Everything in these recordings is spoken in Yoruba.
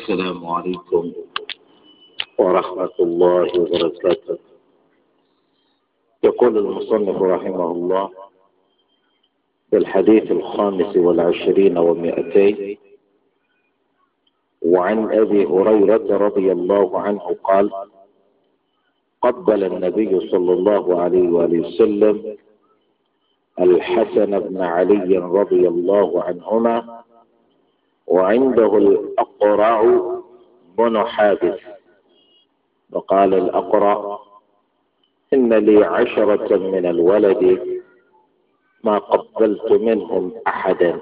السلام عليكم ورحمة الله وبركاته يقول المصنف رحمه الله في الحديث الخامس والعشرين ومائتين وعن أبي هريرة رضي الله عنه قال قبل النبي صلى الله عليه وآله وسلم الحسن بن علي رضي الله عنهما وعنده الأقرع بن حابس فقال الأقرع إن لي عشرة من الولد ما قبلت منهم أحدا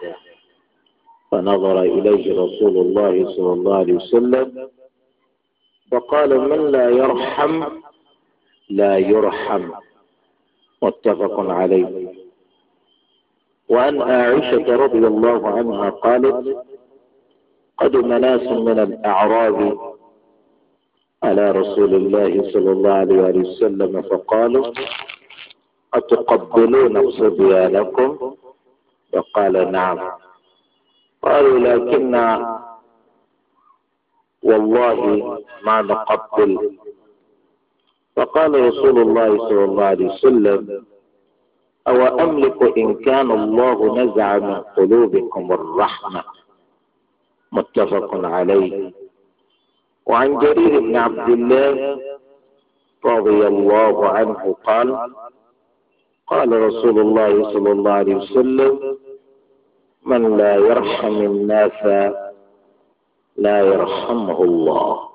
فنظر إليه رسول الله صلى الله عليه وسلم فقال من لا يرحم لا يرحم متفق عليه وعن عائشة رضي الله عنها قالت قدم ناس من الأعراب على رسول الله صلى الله عليه وسلم فقالوا أتقبلون صبيانكم فقال نعم قالوا لكن والله ما نقبل فقال رسول الله صلى الله عليه وسلم أو أملك إن كان الله نزع من قلوبكم الرحمة متفق عليه وعن جرير بن عبد الله رضي الله عنه قال قال رسول الله صلى الله عليه وسلم من لا يرحم الناس لا يرحمه الله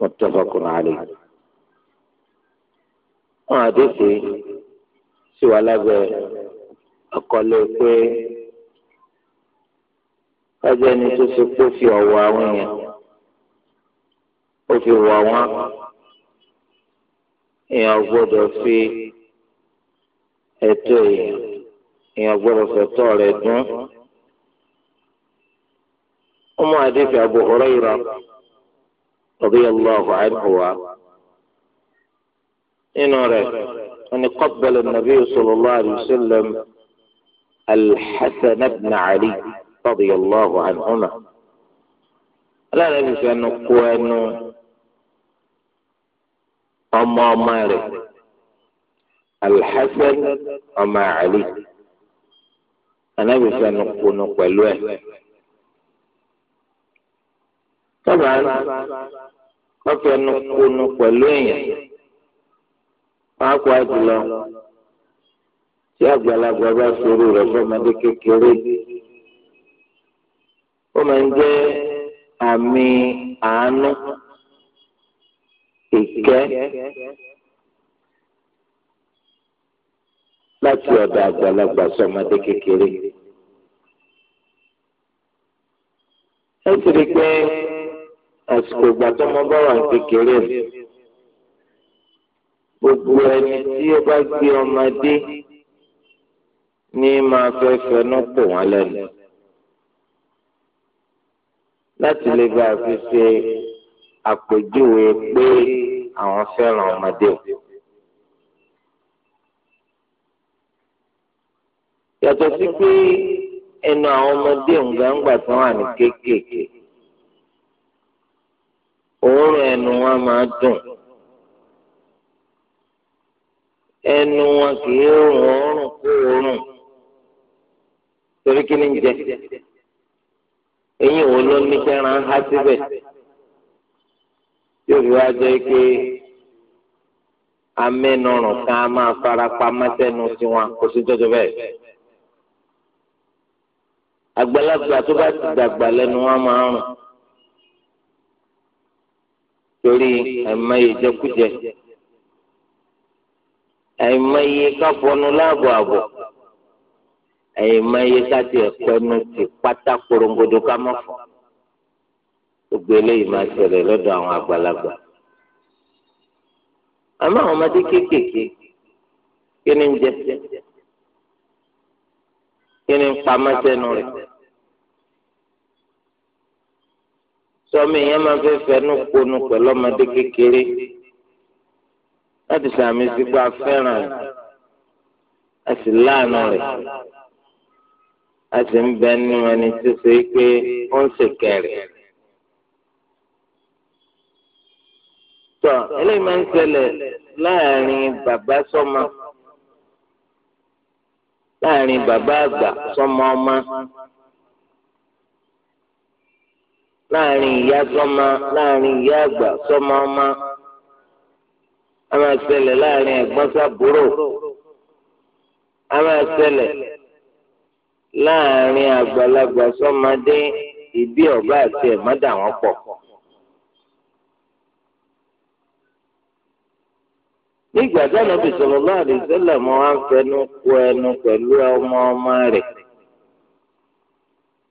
متفق عليه wọn سوى sí أقول لك kájọ ẹni tó so kó fi ọ̀wọ̀ àwọn yẹn ó fi wọ̀ wọ́n èèyàn gbọ́dọ̀ fi ẹ̀tọ́ èèyàn èèyàn gbọ́dọ̀ fẹ̀tọ́ rẹ̀ dún. ọmọ àdéhùn Abu Hurairah radiyallahu anhu wa nínú rẹ̀ wọ́n ni an-nabiy sallallahu alayhi wa sallam al-Hasan ibn radiyallahu anhuma aláàrẹ̀bí fẹnu kó ẹnu ọmọ ọmọ rẹ̀ alḥasan ọmọ àlì anábì fẹnu kónú pẹ̀lú ẹ̀ tọ́ba wọ́n fẹnu kónú pẹ̀lú èèyàn wọ́n á kó àjùlọ tí àgbàlagbà bá sọ̀rọ̀ rẹ̀ fọmọdé kékeré ó máa ń jẹ́ àmì àánú ìkẹ́ láti ọ̀dọ̀ àgbàlagbà sọmọdé kékeré. ẹ sì rí i pé àsìkò ìgbà tó mọ bá wà kékeré gbogbo ẹni tí ó bá gbé ọmọdé ní máa fẹ́ fẹnu kò wọ́n lẹ́nu láti lè bá a fi ṣe àpèjúwe pé àwọn fẹ́ràn ọmọdé o. yàtọ̀ sí pé ẹnu àwọn ọmọdé ǹgbàǹgbà tó wà ní kéékèèké òórùn ẹnu wọn máa dùn ẹnu wọn kì í rùn òórùn kó òórùn torí kí ni ń jẹ. eyín wo ló ní kẹran há síbẹ̀ tí òbí wa jẹ́ pé amẹ́nurùn kan á máa fara pamọ́ sẹ́nu tiwọn kò sí jọjọ bẹ́ẹ̀. àgbàlagbà tó bá ti dàgbà lẹ́nu wọn máa ń rùn torí àìmọye jẹkújẹ àìmọye káfọnù láàbọ̀ àbọ̀. ẹ̀yìn máa yẹ sáti ẹ̀kọ́ ẹnu ti pátá korongodo ká mọ̀ fọ́ gbogbo eléyìí máa ṣẹlẹ̀ lọ́dọ̀ àwọn àgbàlagbà àmọ́ àwọn ọmọdé kéékèèké kí ni ń jẹ kí ni ń pamọ́ sẹ́nu rẹ̀ sọmi yẹn máa fẹ́ fẹnu ponu pẹ̀lú ọmọdé kékeré láti sàmì sípò afẹ́ràn rẹ̀ àti láàánú rẹ̀ a sì ń bẹ nínú ẹni tó ṣe é pé ó ń ṣèkẹrẹ. tọ́ eléyìí máa ń ṣẹlẹ̀ láàrin bàbá sọ́mọ láàrin bàbá àgbà sọ́mọ ọmọ láàrin ìyá sọ́mọ láàrin ìyá àgbà sọ́mọ ọmọ a máa ṣẹlẹ̀ láàrin ẹ̀gbọ́n sábúrò a máa ṣẹlẹ̀ láàrin àgbàlagbà sọmadé ìbí ọba àti ẹ̀mọ́dà wọn pọ̀. nígbà tí Ànábì sallallahu alaihi wasallam wá ń fẹnu kò ẹnu pẹ̀lú ọmọ ọmọ rẹ̀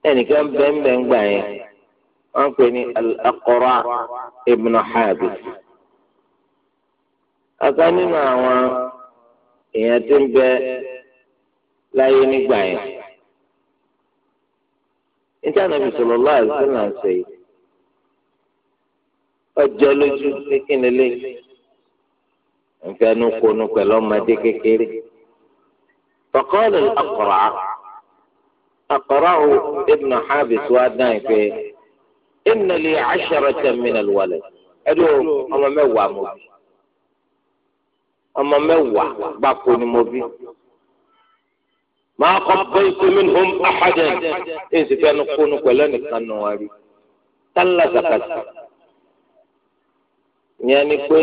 ẹnìkan bẹ́ẹ̀nbẹ́ẹ̀ ń gbà yẹn wọ́n ń pè ní Al-Aqra ibn Habis. nínú àwọn èèyàn ń bẹ láyé níta nàbì sọlọ lọ àìsí là ń sè ọjọ́ lójú kékeré lẹ́yìn nfẹnu konu pẹ̀lú ọmọdé kékeré fọkọọlù akọrọ akọrọ o ibnu habis wa dán ìpè ìnnàlẹ àṣàrọ tẹmínà wọlé ẹdí o ọmọ mẹ́wàá mo ọmọ mẹ́wàá gbáko ni mo máa kọ́ bẹ́ẹ̀kú minhum ahadan ẹ̀ ń sì fẹ́ẹ́ kónú pẹ̀lú ẹnìkan nù wá rí tálà zakati ìyẹn ni pé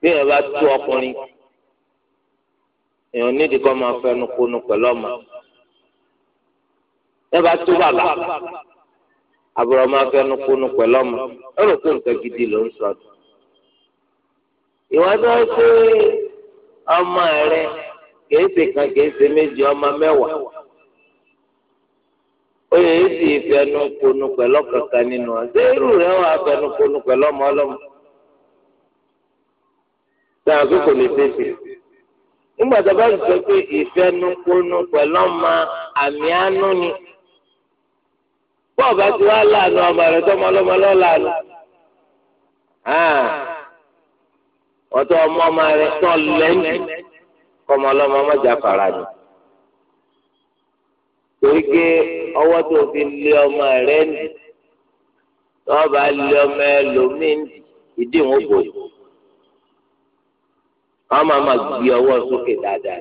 bí ẹ bá tú ọkùnrin èèyàn nídìí kọ́ máa fẹ́nu kónú pẹ̀lú ọmọ ẹ bá tú bàbá àbúrò máa fẹ́nu kónú pẹ̀lú ọmọ ẹ rò pé nǹkan gidi ló ń sọ. ìwádìí wọn pé ọmọ rẹ. kèése kan kèése méjì ọmọ mẹ́wàá oye èsì ìfẹnu konu pẹ̀lú kankan nínú ọ sẹẹrù rẹ wà fẹnu ọmọ ọlọmọ sáà kò lè tẹsí nígbà tó bá sọ pé ìfẹnu ọmọ àmì ni bọ́ọ̀ kọ́mọ ọlọ́mọ mọ́jà fara ni. torí pé ọwọ́ tó fi lé ọmọ rẹ nì wọ́n bá lé ọmọ ẹ lómìn ìdí ìwọ̀n bò wọ́n máa ma gbé ọwọ́ sókè dáadáa.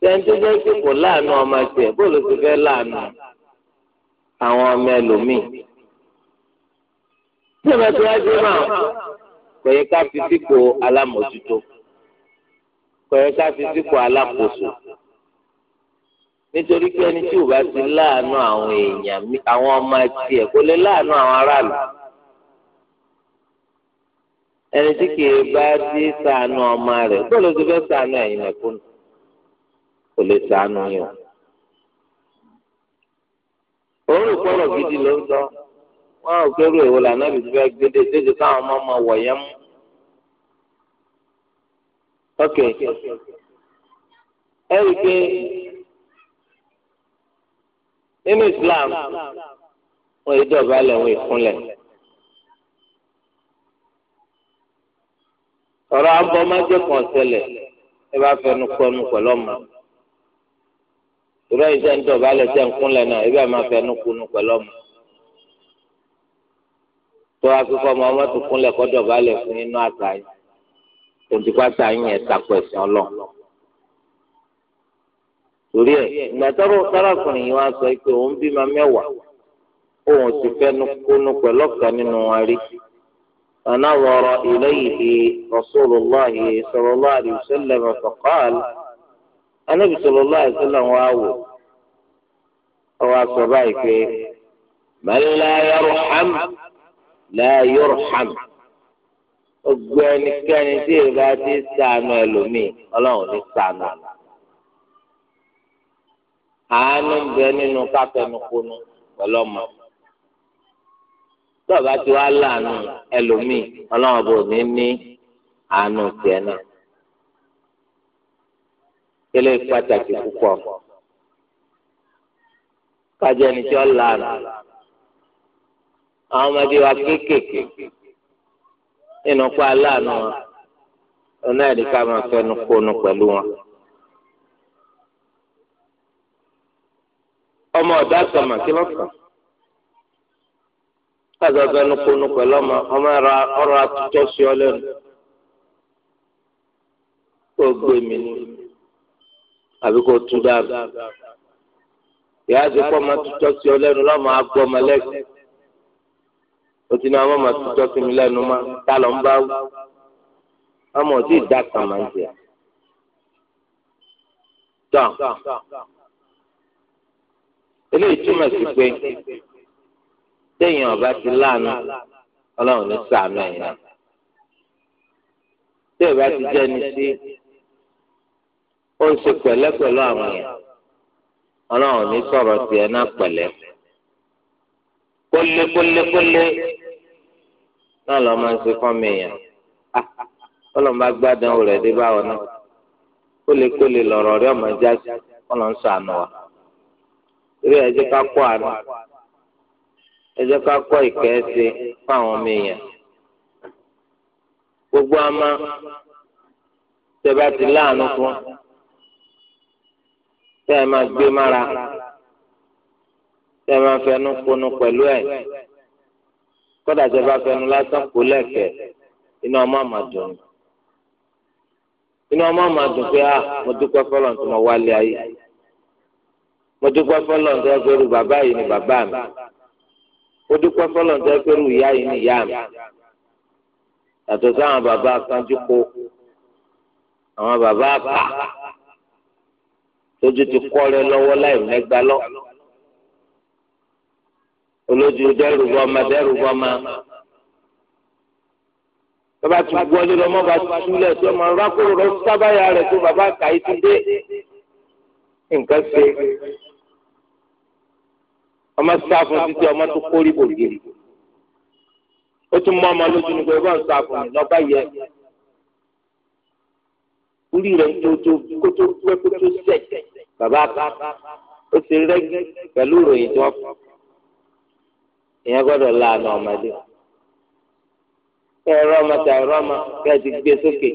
sẹ́ńtúndé tí kò láàánú ọmọ tiẹ̀ bóòlù ti fẹ́ láàánú àwọn ọmọ ẹ lómìn. tí ìbátan wá dé máa kò yẹ ká fi sípò alámòtútó pẹ̀lú ká fi sípò alákòóso nítorí pé ẹni tí ò bá ti láàánú àwọn èèyàn àwọn ọmọ tiẹ̀ kò lè láàánú àwọn aráàlú ẹni tí kì í bá ti sànú ọmọ rẹ̀ kó ló ti fẹ́ sànú ẹ̀yin mẹ̀kúnnù kò lè sànú yín o òórùn kọ̀rọ̀ gidi ló ń sọ wọn ò kérò èwo làná bìí fẹ́ gbé dé déjì káwọn ọmọ ọmọ wọ̀nyẹn ok ẹ rí i pé nínú Islam wọn yìí dọ̀bálẹ̀ wọn ìkúnlẹ̀ ọ̀rọ̀ abọ́ májẹ́ kan ṣẹlẹ̀ ẹ bá fẹnu kọnu pẹ̀lú ọmọ ìrọ̀ ìjẹ́ ń dọ̀bálẹ̀ jẹ́ ńkúnlẹ̀ náà ẹ bá máa fẹnu kunu pẹ̀lú ọmọ tó akíkọ́ ọmọ ọmọ tó kúnlẹ̀ kọ́ dọ̀bálẹ̀ fún inú àtàyè tòǹtìpáta yín yẹn takò ẹ̀sìn ọlọ́run. torí ẹ̀ ìgbà tọ́rọ tọ́rọkùnrin yìí wá sọ pé òun bímọ mẹ́wàá òun sì fẹ́nu kónú pẹ̀lú ọ̀kan nínú wọn rí. فنظر إليه رسول الله صلى الله عليه وسلم فقال النبي صلى الله ọwọ asọ báyìí pé man la yarham la yurham gbogbo ẹnikẹ́ni tí ìbá ti ṣàánú ẹlòmíì ọlọ́run ní ṣàánú àná. àánú ń bẹ nínú káfẹnukunu pẹ̀lú ọmọ. tọ́ọ̀bá ti wá láàánú ẹlòmíì ọlọ́run bò ní ní àánú tiẹ̀ náà. kílé pàtàkì púpọ̀. kájọ ẹni tí ó láàánú. àwọn ọmọdé wa kéékèèké. nínú pa aláàánú wọn ọ̀nà ìdíkà máa fẹnu kónú pẹ̀lú wọn. ọmọ ọ̀dọ́ àtọ̀mọ̀ kí ló kàn káàdì ọ̀fẹ́nu kónú pẹ̀lú ọmọ ọmọ ọ̀rọ̀ àtúntò sí ọ lẹ́nu kó gbé mi ní àbí kó tú dáàbò ìyá àti pọ́ máa sí ọ lẹ́nu lọ́mọ o ti ní àwọn ọmọ àtijọ́ sí mi lẹ́nu mọ́ tá ló ń bá wù ọmọ òtí ìdá kan máa ń jẹ. tọ́ eléyìí túmọ̀ sí pé téèyàn ọba ti láàánú ọlọ́run ní ṣàánú ẹ̀yìn tí ìbá ti jẹ́ ni sí ó ń ṣe pẹ̀lẹ́ àwọn èèyàn ọlọ́run ní sọ̀rọ̀ tiẹ̀ náà pẹ̀lẹ́ kólékólékólé náà lọ máa ń se fún mi yàn ọlọmọba gbádùn rẹ dé báwọn náà kólékólé lọ́rọ̀ rẹ ọmọ ẹja ọlọ ń sọ àná wa eré ẹ jẹ́ ká kọ́ àná ẹ jẹ́ ká kọ́ ìkẹ́ ẹsẹ fún àwọn ọmọ èèyàn gbogbo àmà tẹ́ bá ti láàánú fún tẹ́ ẹ máa gbé mára tẹ́ máa fẹnu kunu pẹ̀lú ẹ̀ kódà tẹ́ bá fẹnu lásán kó lẹ́kẹ̀ẹ́ inú ọmọ àmàdùn inú ọmọ àmàdùn pé ah mo dúpẹ́ fọlọ́ tó mọ wálé ayé mo dúpẹ́ fọlọ́ tó yẹ pẹ́rù bàbá yìí ni bàbá mi mo dúpẹ́ fọlọ́ tó yẹ pẹ́rù ìyá yìí ni ìyá mi yàtọ̀ sáwọn bàbá kanjú kó àwọn bàbá àpà tójú ti kọ́ rẹ lọ́wọ́ láì mẹ́gbàá lọ́wọ́ olójú dẹ́rù bọ́mọ dẹ́rù bọ́mọ bàbá tún wọlé lọ mọ bá túlẹ̀ tó máa ń rákòrò lọ sábàyà rẹ̀ tó bàbá kàyí tún dé nǹkan ṣe ọmọ sáfún títí ọmọ tó kórì bògiri ó tún mọ ọmọ lójú nígbà ìbọn sáfún ní lọ́ba yẹ orí rẹ̀ tó tó kó tó pẹ́ kó tó sẹ̀ bàbá ó ti rẹ́gí pẹ̀lú ìròyìn tó fún ìyẹn gbọ́dọ̀ láàánú ọmọdé kẹ rọmọ tà rọmọ kẹ ti gbé sókè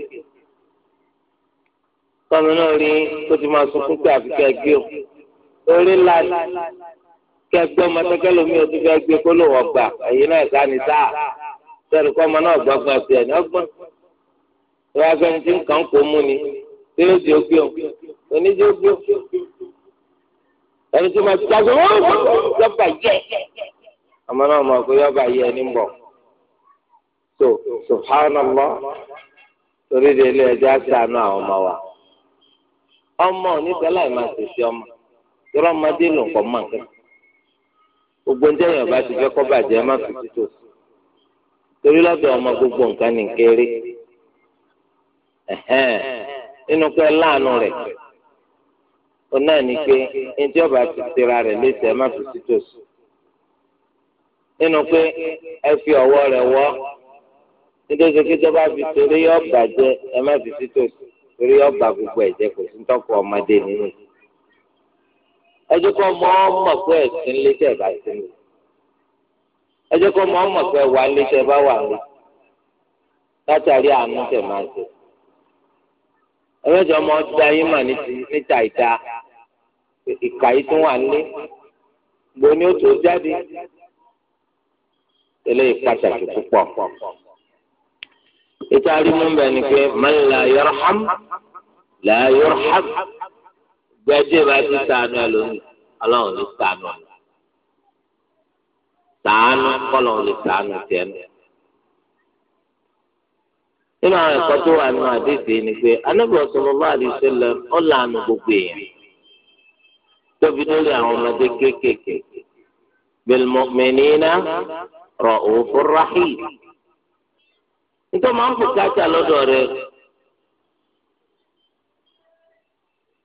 tọmọ náà rí kó ti máa sunkún pé àfi kẹ gbé o orí lánà kẹ gbé ọmọ tẹkẹ lómi o ti fẹ gbé kó ló wọ gbà ẹ̀yin náà sáni sáà sẹni kọ ọmọ náà gbọgbọn sí ẹni ọgbọ́n ìwà sẹni tí nǹkan kò mú ni tí yóò di ogbé o onídìí ogbé o ẹni tí mo ti ta sọ wọn lọ bàjẹ́. ama náà mọ̀ pé yọba yẹ ẹni ń so subhanallah torí de ilé ẹjọ́ àti àánú àwọn ọmọ wa ọmọ onígbàlá ìmọ̀ ọmọ yọrọ ọmọdé ló ń kọ́ mọ̀ nǹkan gbogbo ń ti fẹ́ kọ́ bàjẹ́ má fi títò torí ọmọ gbogbo nǹkan ní kéré nínú pé láàánú náà ní pé ọba ti má fi nínú pé ẹ fi ọwọ́ rẹ̀ wọ́ nítorí fi torí yọ bàjẹ́ ẹ má fi sítòsí torí yọ gbogbo ẹ̀jẹ̀ kò sí ọmọdé nínú. ẹ jẹ́ kó ọmọ pé ẹ̀sìn lé tẹ̀ bá sí mi ẹ jẹ́ kó ọmọ pé wà lé tẹ̀ bá wà lé látàrí àánú tẹ̀ máa jẹ. ẹ ọmọ ọdún ayé mà ni ó tó eléyìí pàtàkì púpọ̀. ètò àrímúmbẹ ni pé man la yarham la yurham gbẹ́jẹ́ bá ti sànù ẹ lónìí ọlọ́run lè sànù ẹ sànù kọ́lọ́run lè sànù tiẹ̀ nù. nínú àwọn ẹ̀kọ́ tó wà nínú àdéhùn ni pé anábìyàn sallallahu alaihi wasallam ọ̀ lànà gbogbo èèyàn tóbi lórí àwọn ọmọdé kéékèèké bil mu'minina. رؤوف رحيم nítorí máa ń bùkátà lọ́dọ̀ rẹ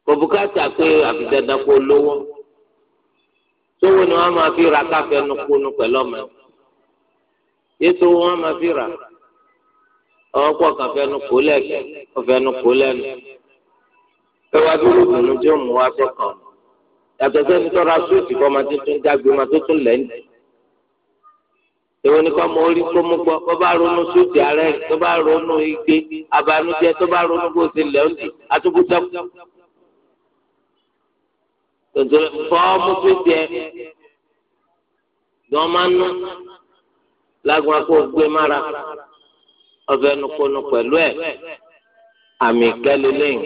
kò bùkátà pé àfidàdà kò lówó sówó ni wọ́n máa fi ra káfẹ́ nukunu pẹ̀lú ọmọ ẹ̀ yéésù wọ́n máa fi ra ọ̀pọ̀ káfẹ́ nukú lẹ́kẹ̀ káfẹ́ nukú lẹ́nu ẹ wá bí olùdùnnú tí ó mú wá sọ́kàn yàtọ̀ sẹ́ni tọ́ra súùtì kọ́ máa tuntun máa tuntun lẹ́yìn. èwo ni kọ́ mọ orí kó mú gbọ́ kó bá ronú súùtì ààrẹ rẹ̀ tó bá ronú igbe abanújẹ tó bá ronú bó ti lẹ̀ ọ́nì atúbútẹ́kù. tòtòrò fọ́ọ̀mù súùtì ẹ̀ ni wọ́n máa ń ná lágbọn kó gbé mára ọbẹ̀ nukunu pẹ̀lú ẹ̀ àmì kẹ́lẹ́lẹ́yìn.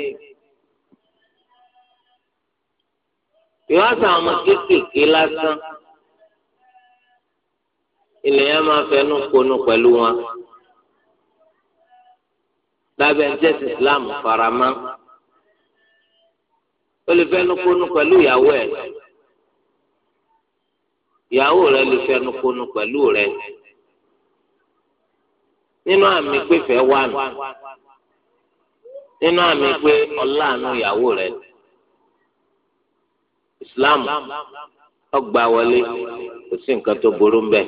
ìwádìí àwọn kéékèèké lásán ilẹ̀ yẹn máa fẹnu konu pẹ̀lú wọn lábẹ́ jẹ́sí islam farama ó lè fẹnu konu pẹ̀lú ìyàwó ẹ̀ ìyàwó rẹ̀ lè fẹnu konu pẹ̀lú rẹ̀ nínú àmì pẹ́fẹ́ wà nù nínú àmì pé ọláàánú ìyàwó rẹ̀ islam ọgbà wọlé kò sí nǹkan tó burú mbẹ.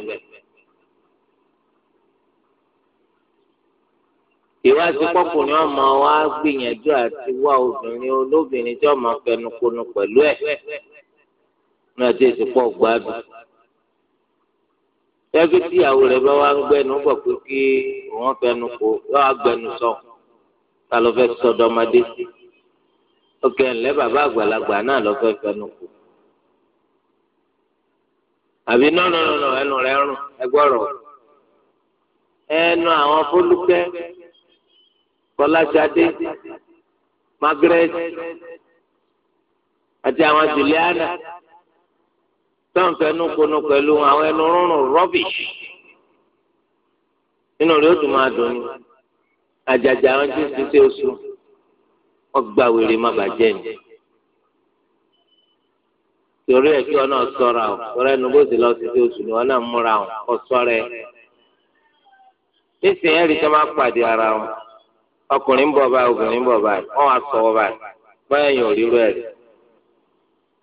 ìwádìí pọkùnrin ọmọ wa gbìyànjú àti wá obìnrin olóbìnrin tí ọmọ fẹnukonu pẹ̀lú ẹ̀ ní ọjọ́ ìsìnkú ọgbàdùn tẹ́bí tí ìyàwó rẹ̀ bá wá ń gbẹ́nu bọ̀ pé kí wọ́n fẹnu kò yọ agbẹnu sọ ta ló fẹ́ sọdọ ọmọdé òkè ńlẹ́ bàbá àgbàlagbà náà ló fẹ́ fẹnu kò àbí nọ́ọ̀nọ́ọ̀nọ́ ẹnu rẹ̀ rùn ẹgbọ́rọ̀ ẹnu àwọn fólúkẹ́ fọláṣadé margaret àti àwọn juliana tán fẹnu kunu pẹ̀lú àwọn ẹnu rúnrún rubbish nínú rẹ̀ ó tún máa dùn ní àjàjà àwọn tí ń ṣiṣẹ́ oṣù wọ́n gba wèrè má bàjẹ́ ni torí ẹ̀ kí ọ náà ṣọ́ra o ṣọ́ra ẹnu bó ti lọ ṣiṣẹ́ oṣù ni wọ́n náà múra o kọ ṣọ́ra rí sọ pàdé ara wọn ọkùnrin ń bọ̀ báyìí obìnrin ń bọ̀ báyìí wọ́n wá sọ ọ báyìí báyìí yàn rí rẹ̀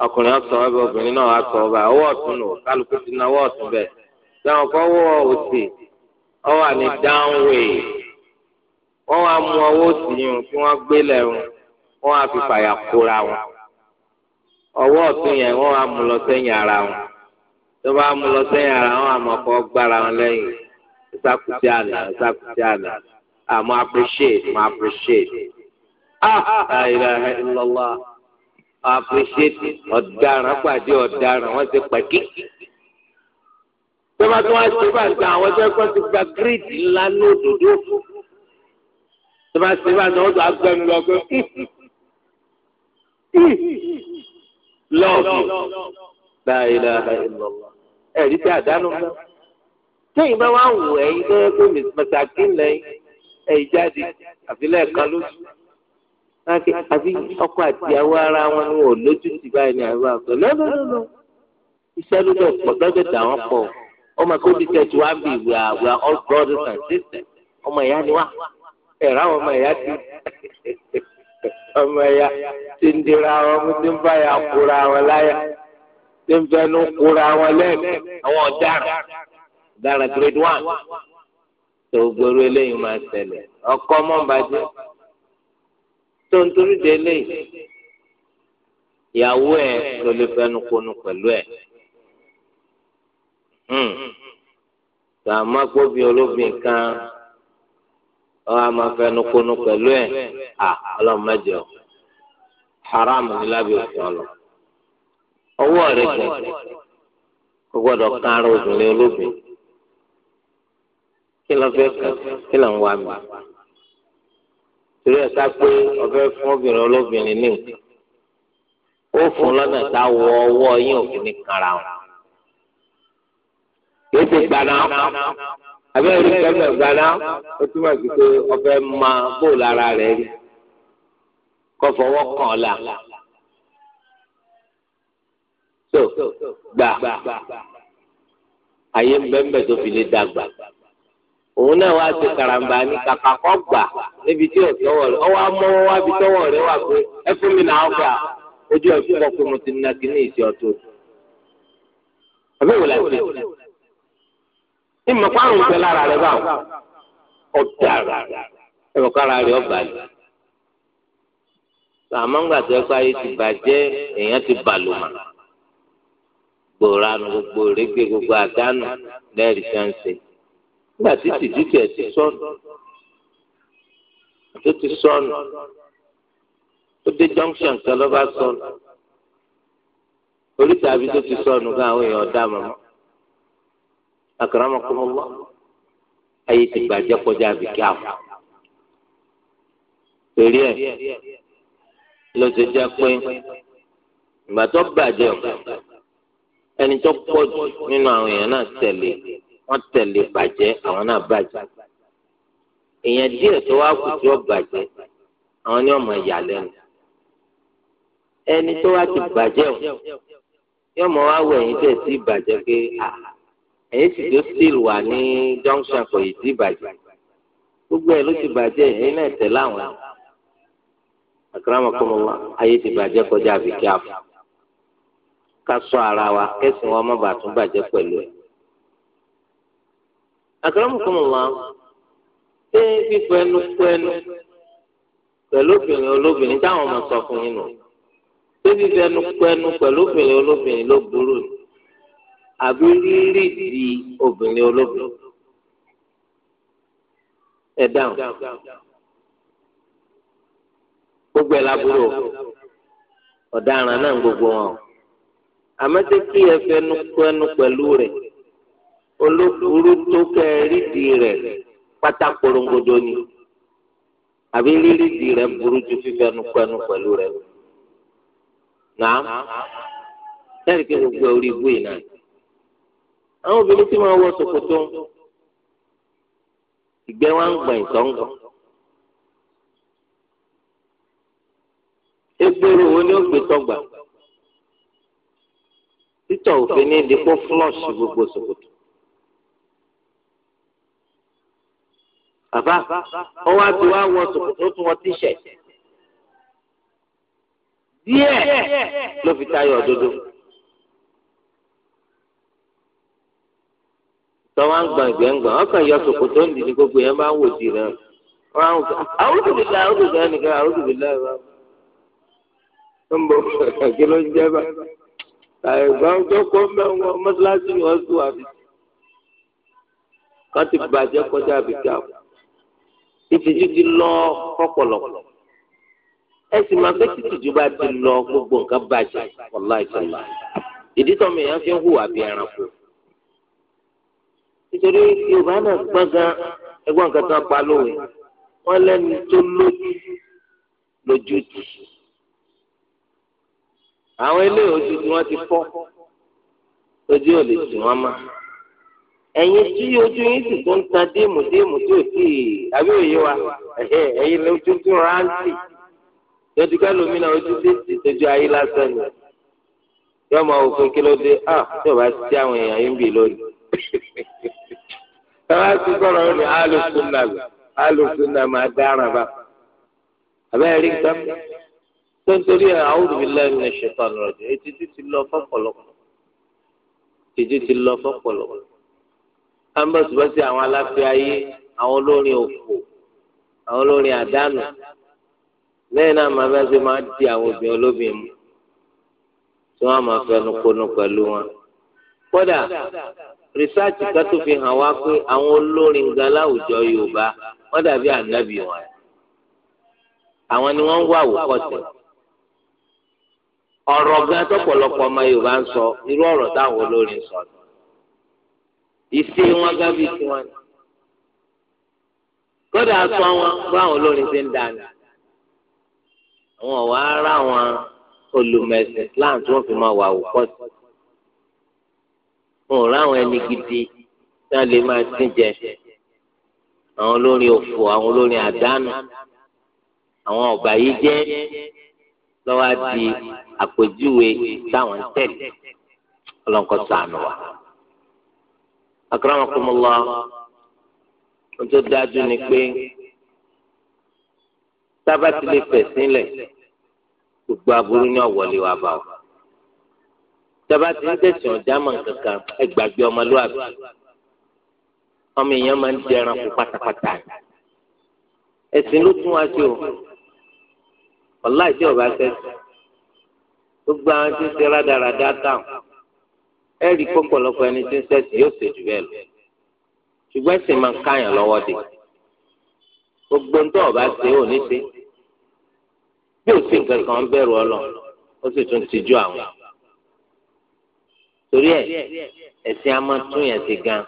ọkùnrin á sọ ọ báyìí obìnrin náà á sọ ọ báyìí ọwọ́ ọ̀tún nù kálukú ti na ọwọ́ ọ̀tún bẹ̀ sẹ́wọ̀n kọ́ wọ́ òsì ọ wà ní downway wọ́n wá mú ọwọ́ òsì yìí kí wọ́n gbé lẹ́rùn wọ́n wá fi fàyà kóra wọn ọwọ́ ọ̀tún yẹn wọ́n wá mú lọ sẹ́yìn ara wọn tó bá mú lọ sẹ́yìn ara wọn àmọ́ kọ́ gbára wọn lẹ́yìn ìsákùtì àná ìsákùtì àná ah mo appreciate mo appreciate ah la ilaha illallah appreciate ọ̀daràn pàdé ọ̀daràn wọ́n ti pẹ̀kí. Tọ́ba tí wọ́n ṣe bá ń ta àwọn ẹgbẹ́ kan ti gba gírídì ńlá ní òdòdó. Tọ́ba ṣe bá ń ta wọ́n tó agbẹnu lọ pé lọ́ọ̀bù láìlá ìlọ́lá. Ẹ̀rí tí àdánù náà. Tẹ́yìn bá wà wù ẹ̀yin tó yẹ kó mẹ̀sàkín lẹ́yìn ẹ̀ jáde àfi lẹ́ẹ̀kan àfi ọkọ àtìyàwó ara wọn ni wọn ò lójú ti báyìí ní àríwá àgbẹ̀ lọ́dọọdọ iṣẹ́ ló dẹ̀ pọ̀ lọ́dọ̀ dà pọ̀ ọmọ kó di tẹ̀tù wá bí we are all brothers and sisters ọmọ ìyá ni wá ẹ̀rọ àwọn ọmọ ìyá ti ọmọ ìyá ti ń dira wọn mú ti ń bá ya kóra wọn láyà ti ń fẹnu kóra wọn lẹ́ẹ̀kẹ́ àwọn ọ̀daràn ọ̀daràn grade one tó gbóró eléyìí máa tẹ̀lé ọkọ mọ́nbàjẹ́ tó ń torí de eléyìí ìyàwó ẹ̀ ló lè fẹnu konu pẹ̀lú ẹ̀ hmm. tààmà gbóbi olóbìn kan ọ a máa fẹnu konu pẹ̀lú ẹ̀ à ọlọ́mọdé ọ haram ní lábẹ́ òfin ọlọ ọwọ́ rẹ̀ gbẹ̀ kó gbọ́dọ̀ kan ara obìnrin olóbìn kí ló fẹ́ kí ló ń wá mi torí ẹ̀ ká pé ọ̀fẹ́ fún obìnrin olóbìnrin ní nǹkan ó fún lọ́nà tá a wọ ọwọ́ yín òfin ní kanra wọn yóò ti gbaná abẹ́rẹ́ rí kẹ́mẹ́ gbaná ó túmọ̀ sí pé ọ̀fẹ́ máa bóòlù ara rẹ̀ rí kọ́ fọwọ́ kàn ọ́ là so gbà àyè ń bẹ́ẹ̀ bẹ́ẹ̀ tó fi lè dàgbà òun náà wá ṣe karambà ní kàkà kọ́ gbà níbi tí ọ̀tọ́wọ̀ rẹ̀ ọwọ́ amọ́wọ́ wá bi tọ́wọ́ rẹ̀ wà pé ẹ fún mi náà gbà ojú ẹ̀ fún ọkùnrin mo ti na kíní ìṣe ọ̀tún. àbẹ̀wò la ṣe ní mọ̀pá àrùn fẹ́ lára rẹ̀ báwọn ọ̀dà ẹ̀rọ kára rẹ̀ ọ̀bà ni. sàmọ́ngbà tó ẹ̀kọ́ ayé ti bàjẹ́ èèyàn ti bàlùmà gbòòrà gbogbo rẹ́gbẹ̀ gbogbo àdánù lẹ́rìí sẹ́ńsẹ̀ nígbà tí tìjú tiẹ̀ ti sọnù tó ti sọnù tó dé junction kan ló bá sọnù oríta àbí tó ti sọnù gan àwọn èèyàn dá mọ́ akramakumullah ayé ti gbàjẹ́ kọjá àbíkí àwọn torí ẹ̀ ló ti jẹ́ pé ìgbà tó bàjẹ́ ẹni tó pọ̀ jù nínú àwọn èèyàn náà tẹ̀lé wọ́n tẹ̀lé bàjẹ́ àwọn náà bàjẹ́ èèyàn díẹ̀ tó wá kù tí ó bàjẹ́ àwọn ni ọmọ ìyá lẹ́nu ẹni tó wá ti bàjẹ́ o yóò mọ wá wọ ẹ̀yìn tẹ̀ sí ìbàjẹ́ pé ẹ̀yìn sì tó still wà ní junction kò yìí sí ìbàjẹ́ gbogbo ẹ̀ ló ti bàjẹ́ ẹ̀yìn náà tẹ̀ láwọn àkàràmọ̀kọ́mọ́wá ayé ti bàjẹ́ kọjá àbíkí àfọ̀ ká sọ ara wa kẹ́sìn wọn má bàa tún bàjẹ́ pẹ̀lú ẹ̀ àkàràmùkùnmùwà ṣé fífọ ẹnu kú ẹnu pẹ̀lú obìnrin olóbìnrin táwọn ọmọ sọ fún yín nù ṣé fífọ ẹnu kú ẹnu pẹ̀lú obìnrin olóbìnrin ló burú ni àbí rírì di obìnrin olóbìnrin ẹ dáhùn gbogbo ẹ̀ lábúrò ọ̀daràn náà gbogbo wọn àmọ́ ṣé kí ẹ fẹnu kú ẹnu pẹ̀lú rẹ̀ olókùúrú tó kẹ́ẹ̀rí di rẹ̀ pátá korongodo ni àbí rírí di rẹ̀ burú ju fífẹnu pẹnu pẹ̀lú rẹ̀ nàá sẹ́ẹ̀rì kí gbogbo orí ibú yìí náà àwọn obìnrin tí wọ́n wọ ṣòkòtò ìgbẹ́ wọn ń gbọ̀n ìtọ́ǹgọ̀. egboro wo ni ó gbé tọgbà títọ̀ òfin ní ìdíkó flush gbogbo ṣòkòtò. bàbá ọwọ́ àti wá wọ sòkòtò tó wọ tíṣẹ̀ díẹ̀ ló fi tayọ òdodo. tọ́wọ́n gbọ̀n gbẹ̀ngbọ̀n ọkàn yọ sòkòtò ń di ní gbogbo yẹn bá ń wò di rẹ̀ wọ́n á wò àwọn òdòdó àwọn òdòdó ẹnìkan àwọn òdòdó láì bá ń bọ̀ kí ló ń jẹ́ bá àìgbà ọjọ́ kọ́ mẹ́wọ́n mọ́ṣáláṣí ni wọ́n sùn àbí kan ti bàjẹ́ kọjá àbíkí àbọ̀ ìtìjú ti lọ fọ́pọ̀lọpọ̀ ẹ sì máa pé títìjú bá ti lọ gbogbo nǹkan bàjẹ́ ọ̀la ìtọ́lá ìdí tọ́mọ èèyàn fi ń hùwà bí ẹranko nítorí yorùbá náà gbọ́ngàn ẹgbọ́n nǹkan kan pa lóore wọ́n lẹ́nu tó lójú lójú tì àwọn eléyòó tuntun wọn ti fọ́ ojú ò lè tì wọ́n mọ́ ẹ̀yin tí ojú yín sì tó ń ta déèmù déèmù tí ò tí ì àbí òye wa ẹ̀yin ló tún tún rántí lójú ká lómi náà ojú tí ti tọ́jú ayé lásán ni yóò máa wò kí ló dé ah tí ò bá ti àwọn èèyàn yín bì lónìí tọ́lá ti sọ̀rọ̀ ní alùsùnà alùsùnà máa dáràn bá abẹ́rẹ́ rí nǹkan tó ń torí àwọn olùbílẹ̀ ní ṣètò àná rẹ̀ ti lọ fọ́pọ̀lọpọ̀ etí ti lọ fọ́pọ̀lọpọ̀ ambọ̀sibọ́sí àwọn aláfẹ́ ayé àwọn olórin òfò àwọn olórin àdánù lẹ́yìn náà màá bá ṣe máa di àwọn obìnrin olóbìnrin mu tí wọ́n á máa fẹnu kónú pẹ̀lú wọn. kódà rìsáàtì kan tó fi hàn wá pé àwọn olórin gan láwùjọ Yorùbá wọ́n dàbí ànábì wọn. àwọn ni wọ́n ń wá àwòkọ́ṣe. ọ̀rọ̀ gan tọ́pọ̀lọpọ̀ ọmọ Yorùbá ń sọ irú ọ̀rọ̀ táwọn olórin sọ ni ìṣe wọn gábí tiwọn ni kódà sọ wọn bá àwọn olórin ṣe ń dànù àwọn ọ̀wá ara wọn olùmẹ̀sìn Islam tí wọ́n fi máa wà wòkọ́ sí wọn ò ráwọn ẹni gidi tí wọ́n lè máa sìn jẹ àwọn olórin òfò àwọn olórin àdánù àwọn ọ̀bà yìí jẹ́ lọ́wọ́ di àpèjúwe táwọn ń tẹ̀lé ọlọ́nkọ́ sànù wa akramakumullah ohun tó dájú ni pé sábà ti lè fẹ̀ sílẹ̀ gbogbo aburú ní ọ̀wọ́lé wa bá wa sábà ti ń tẹ̀sán jámọ̀ kankan ẹgbàgbé ọmọlúwàbí ọmọ èèyàn máa ń di ẹranko pátápátá ẹ̀sìn ló tún wá sí o ọ̀la ìdí ọ̀bá gbogbo àwọn tí ń ṣe rádaràdá táwọn ẹ̀rí pọ̀pọ̀lọpọ̀ ẹni tí ń ṣẹ̀sì yóò ṣe jù bẹ́ẹ̀ lọ ṣùgbọ́n ẹ̀sìn máa ń káyàn lọ́wọ́ de gbogbo ń tọ́ ọ̀bá ṣe ò ní ṣe bí ò sí nǹkan kan bẹ̀rù ọlọ́run ó sì tún ti jó àwọn torí ẹ̀ ẹ̀sìn á máa tún yẹn ti gan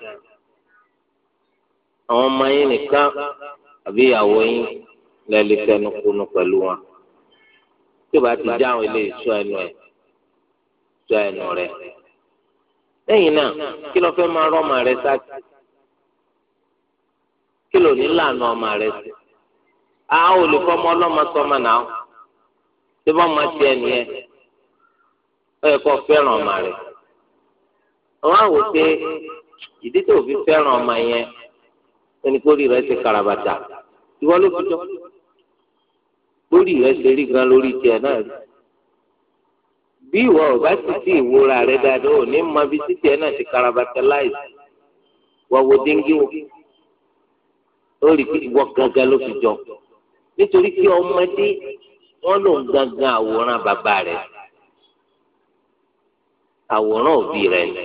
àwọn ọmọ yín nìkan àbí ìyàwó yín lẹ́ẹ̀lì fẹnu pẹ̀lú wọn tí ò bá ti já àwọn ilé ìṣọ́ ẹnu ẹ̀ ìṣọ́ ẹnu rẹ̀ lẹ́yìn náà kí ló fẹ́ máa rọ́ ọmọ rẹ sáàtì kí ló ní lànà ọmọ rẹ sí àá ò lè fọmọ ọlọ́mọ sọmọ náà tí wọ́n máa tiẹ̀ nìyẹn ó yẹ kó fẹ́ràn ọmọ rẹ wọ́n á wò pé ìdí tó fi fẹ́ràn ọmọ yẹn oníkórì rẹ ti karabata ìwọ ló fi jọ lórí rẹ ṣe rí gan lórí tiẹ̀ náà rí. bí ìwọ ò bá sì sí ìwúra rẹ dáadáa ò ní mọ bíi títí ẹ náà ti karabatalize wọ́n wo dengue wò ó rí ìwọ gangan ló fi jọ nítorí pé ọmọdé wọn lò ń gangan àwòrán bàbá rẹ àwòrán òbí rẹ ni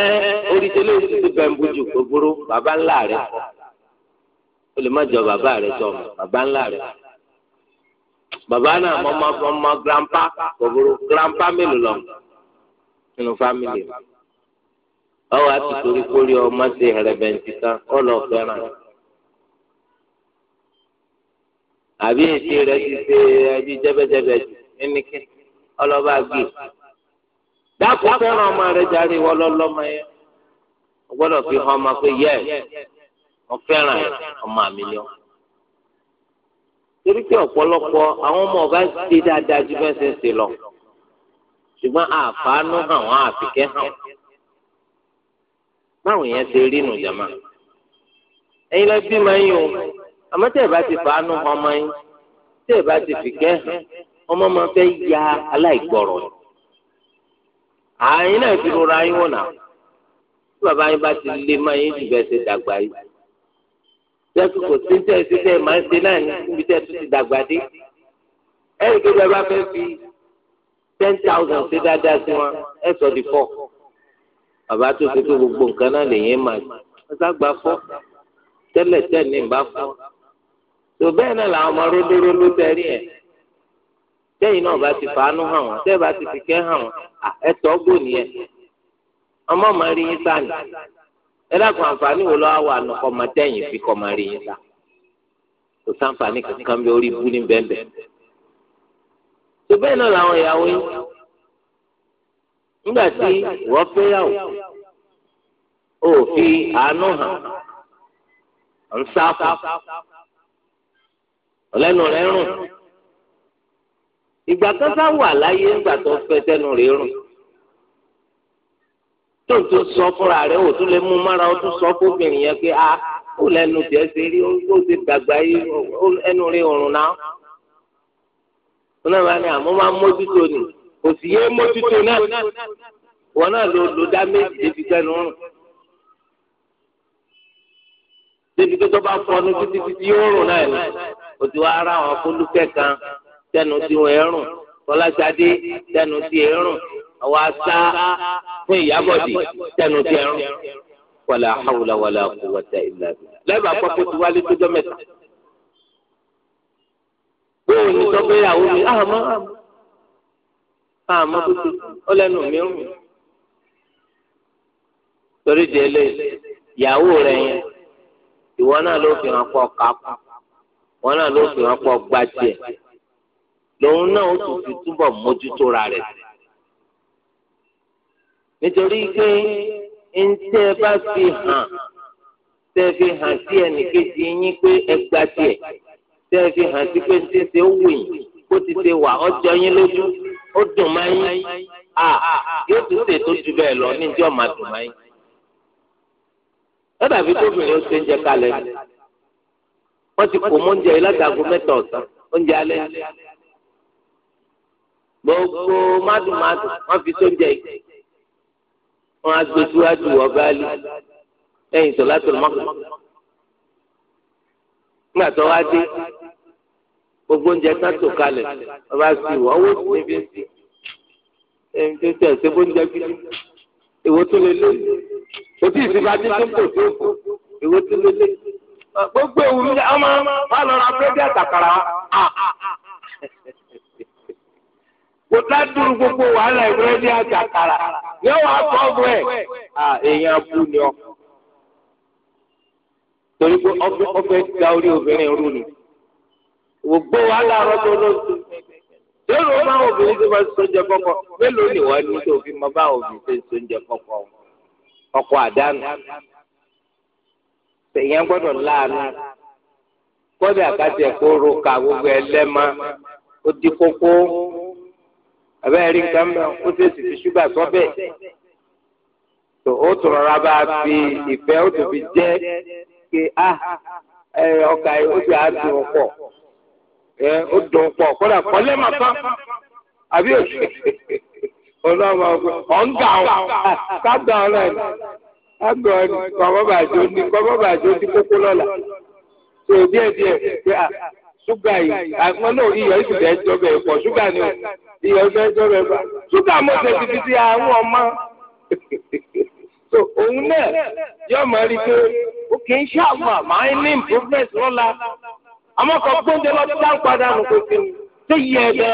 ẹ oṣù tó bẹ ń bàbá náà mọ ọmọ ọmọ grandpa kòkòrò grandpa mélòó lọ nínú fámìlì ọwọ àti torí kórè ọmọ ṣe hẹrẹbẹǹtì kan ọlọ fẹ́ràn àbí èsì rẹ ti ṣe ẹbí jẹbẹjẹbẹ jù ẹnikẹ ọlọba gbé dákun fẹ́ràn ọmọ rẹ járe wọlọlọmọ yẹn ọgbọ́dọ̀ fi hàn ọmọ pé yẹ ọ fẹ́ràn ọmọ àmì ni torí pé ọ̀pọ̀lọpọ̀ àwọn ọmọ ọba ṣe dáadáa ju bẹ́ẹ̀ ṣe ń ṣe lọ ṣùgbọ́n àfàánú hàn wọ́n àfikẹ́ hàn báwọn èèyàn ṣe rí nù jàmá ẹ̀yin lọ bí máa ń yùn àmọ́ tẹ́ ẹ̀ bá ti fàánú hàn ọmọ yín tẹ́ ẹ̀ bá ti fìkẹ́ hàn ọmọ máa fẹ́ ya aláìgbọ̀rọ̀ àyìn náà fi rora yín wọ̀nà tí bàbá yín bá ti lé máa yín jù bẹ́ẹ̀ ṣe dàgbà yìí jẹ́sù kò sí tẹ́ ẹ sí tẹ́ ẹ máa ń ṣe náà níbi tẹ́ ẹ tún ti dàgbà dé. ẹ̀rì tó bẹ bá fẹ́ fi ten thousand ṣe dáadáa sí wọn ẹ sọ di four. bàbá tó ṣe pé gbogbo nǹkan náà lèyìn máa ṣe ẹ ságbà fọ́ tẹ́lẹ̀ tẹ́lẹ̀ ní ìbá fọ́. tó bẹ́ẹ̀ náà làwọn ọmọ rólóróló tẹ́rí ẹ̀ tẹ́yìn náà bá ti fàánú hàn wọ́n tẹ́ẹ̀ bá ti fi kẹ́ hàn wọ́n ẹ̀ tọ́ gbò nìyẹn ọmọ màá rí yín sáà nìyẹn ẹ dákun àǹfààní wo ló wá wà nù kọ́ máa tẹ̀yìn sí kọ́ máa rí yín sá kò sáǹfààní kankan bí orí bú ní bẹ́ẹ̀ bẹ́ẹ̀. tó bẹ́ẹ̀ náà làwọn ìyàwó yín nígbà tí wọ́n fẹ́ yàwó ó fi àánú hàn ń sáfù ọ̀lẹ́nu rẹ̀ rùn ìgbà kan sá wà láyé ńgbà tó fẹ́ tẹ́nu rẹ̀ rùn tó tó sọ fúnra rẹ̀ ò tún lè mú mára ó tún sọ fóbìnrin yẹn pé a ah, ó lẹ́nu tiẹ̀ ṣe rí ó ti dàgbà yìí ẹnu rí òrùn náà wọn náà ní àmọ́ máa mójútó ni kò sì yé mójútó náà wọn náà ló ló dá méjì débi pẹ́ẹ́nu rùn débi pé tó bá fọnu títí títí yóò rùn náà ni o ti wá ara àwọn fúlùkẹ́ kan tẹnu tí wọ́n ẹ̀ rùn tọ́lájáde tẹnu tí ẹ̀ rùn àwa sá fún ìyábọ̀dì tẹnu tí ẹrú wàlà hàwùlà wàlà quwwata illa billah lẹ́bàá pọ́pọ́ ti wálé tó dọ́mẹ́ta. bóun ni tọ́pẹ́ ìyàwó mi àmọ́ àmọ́ tó ti ó lẹ́nu mi rùn. torí délé ìyàwó rẹ̀ yẹn ìwọ náà ló fi hàn pọ̀ kápọ̀ wọn náà ló fi hàn pọ̀ gbajẹ lòun náà ó tún fi túbọ̀ mójútó ra rẹ̀ sí nítorí pé ntẹ bá fi hàn tẹ fi hàn sí ẹnìkejì yín pé ẹ gba tiẹ̀ tẹ fi hàn sí pé ntẹ ṣe ó wù yín bó ti ṣe wà ọjọ́ yín lójú ó dùn má yín à yóò tún ṣe tó ju bẹ́ẹ̀ lọ ní ìjọ máa dùn má yín. lọ́dà bí tóbìnrin ó ṣe ń jẹ kalẹ̀ ni wọ́n ti kò mọ́ oúnjẹ yìí mẹ́ta ọ̀sán oúnjẹ alẹ́ gbogbo mádùmádù wọ́n fi sóúnjẹ yìí wọn á gbé síwájú wọn báálí lẹ́yìn sọlá tó lọ mọ nígbà tó wá dé gbogbo oúnjẹ tán tó kalẹ̀ ọba sí ìwọ owó sí níbi ń sí ẹni tó tẹ ẹsẹ bóúnjẹ gidi ìwọ tó lè lé o tí ìsinmi tó ń tò tó ìwọ tó lè lé gbogbo ìwúrí ọmọ má lọ ra búrẹ́dì àtàkàrà wa kò dádúró gbogbo wàhálà ìwúrẹ́ ní àjàkàrà yóò wá fọ́ọ̀mù ẹ̀ èèyàn bú ni ọ. torí pé ọfẹ gba orí obìnrin rú ni gbogbo wàhálà rọ́bọ̀ lóṣù lórí ọmọ àwọn obìnrin tó máa ń sọ́njẹ kọ́kọ́ mélòó ni wọ́n ní tó fi máa bá àwọn obìnrin tó ń sọ́njẹ kọ́kọ́ ọkọ̀ àdánù èèyàn gbọ́dọ̀ láàánú kọ́dà kájẹ̀ kó ro ka gbogbo ẹlẹ́mà ó di kókó abẹ́ rí nǹkan mọ́ ó sì sì fi ṣúgà sọ́bẹ̀ tó ó tún rọra bá a fi ìfẹ́ ó tún fi jẹ́ pé a ah, ọkà yìí ó sì á dùn ún pọ̀ ẹ ó dùn ún pọ̀ kódà kọ́lé mà tán àbí òṣè ọlọ́mọ ọ̀ǹgà kágbà ọ̀rọ̀ ẹ̀ kágbà ọ̀rọ̀ kọ́ bàbà àjò ní kọ́ bàbà àjò ní kókó lọ́la tó díẹ̀ díẹ̀ pé a. Ah, ṣúgà yìí àwọn náà iyọ̀ yìí fìdí ẹjọ́ bẹ̀ pọ̀ ṣúgà ni iyọ̀ fẹ́ ẹjọ́ bẹ̀ pọ̀ ṣúgà mo ṣe ti fi ti àwọn ọmọ so òun náà yóò máa rí i pé ó kì í ṣàmà máa ń ní improvement lọ́la àmọ́ kan gbóúnjẹ lọ́dún bá ń padà nù kò sí tó yẹ ẹ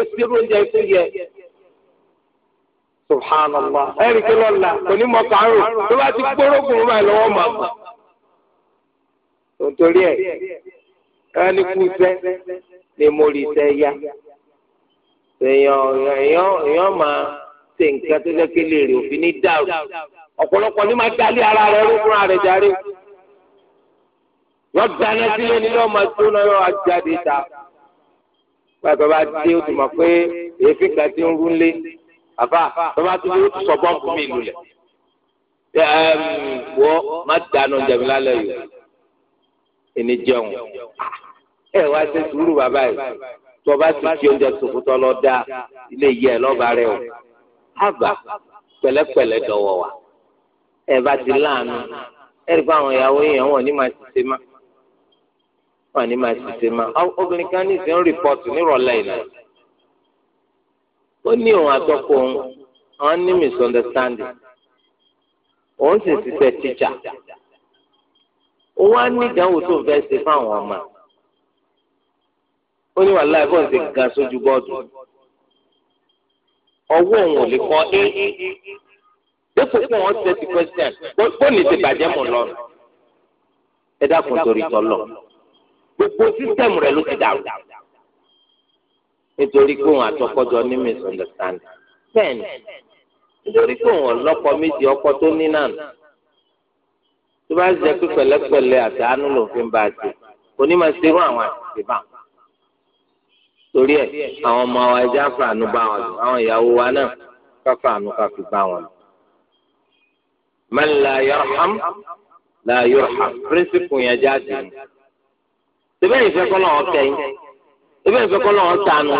olùsí oúnjẹ tó yẹ subhanallah ẹ̀rí kí lọ́la kò ní mọ̀ kàrún tó bá ti gbórógùn rẹ̀ lọ́wọ́ màá nítorí ẹ̀ ká ní kú sẹ́ ni mo rí sẹ́ yá èèyàn èèyàn èèyàn máa ṣe nǹkan tó jẹ́ kí lè rí òfin ní dàrú ọ̀pọ̀lọpọ̀ ní máa dalé ara rẹ̀ rúkúnra rẹ̀ járe wọ́n dáná sílé ní lọ́wọ́ máa tó náà yọ ajáde ta pàtó bá dé o ti mọ̀ pé èéfín kan ti ń rú lé àbá tó bá tún lé o ti sọ bọ́ǹkù mi lulẹ̀ wọ́n má dáná jẹ̀mí lálẹ́ yìí ẹni jẹun ẹ wá ṣe sùúrù bàbá yìí tó bá ti fi oúnjẹ sòkòtò lọ dá ilé yẹ lọ́ba rẹ o àbá pẹ̀lẹ́pẹ̀lẹ́ dọ̀wọ̀ wa ẹ bá ti láàánú ẹ rí i pé àwọn ìyàwó yẹn wọn ní máa ṣiṣẹ́ má wọn ní máa ṣiṣẹ́ má obìnrin kan ní ìsìn rìpọ́tù nírọ̀lẹ́ ìlà ó ní òun àtọ́kọ òun ní misunderstanding òun sì ti tẹ tíjà ó wá ní ìdánwò tó ń fẹ́ ṣe fáwọn ọmọ ó ní wàhálà ẹ̀fọ́ ṣe ga sójú bọ́ọ̀dù ọwọ́ òun ò lè kọ́ é dípò pé wọ́n ṣe ti question bóòlù ti bàjẹ́ mọ̀ lọ́nà ẹ dákun torí tọ́lọ̀ gbogbo sísẹ́mù rẹ̀ ló ti dàrú nítorí pé òun àtọkọjọ ní misunderstanding bẹ́ẹ̀ ni nítorí pé òun ọ̀lọ́kọ méjì ọkọ tó ní náà tó bá jẹ pé pẹ̀lẹ́pẹ̀lẹ́ àti àánú lòfin bá a ṣe onímọ̀ ṣerú àwọn àṣìṣe bá torí ẹ àwọn ọmọ wa ẹja fàánú bá wọn lò àwọn ìyàwó wa náà ká fàánú ká fi bá wọn lò. man la yarham la yurham píríncípù yẹn jáde ni. síbẹ̀ ìfẹ́ kọ́ lọ́wọ́ kẹ́yìn síbẹ̀ ìfẹ́ kọ́ lọ́wọ́ sànù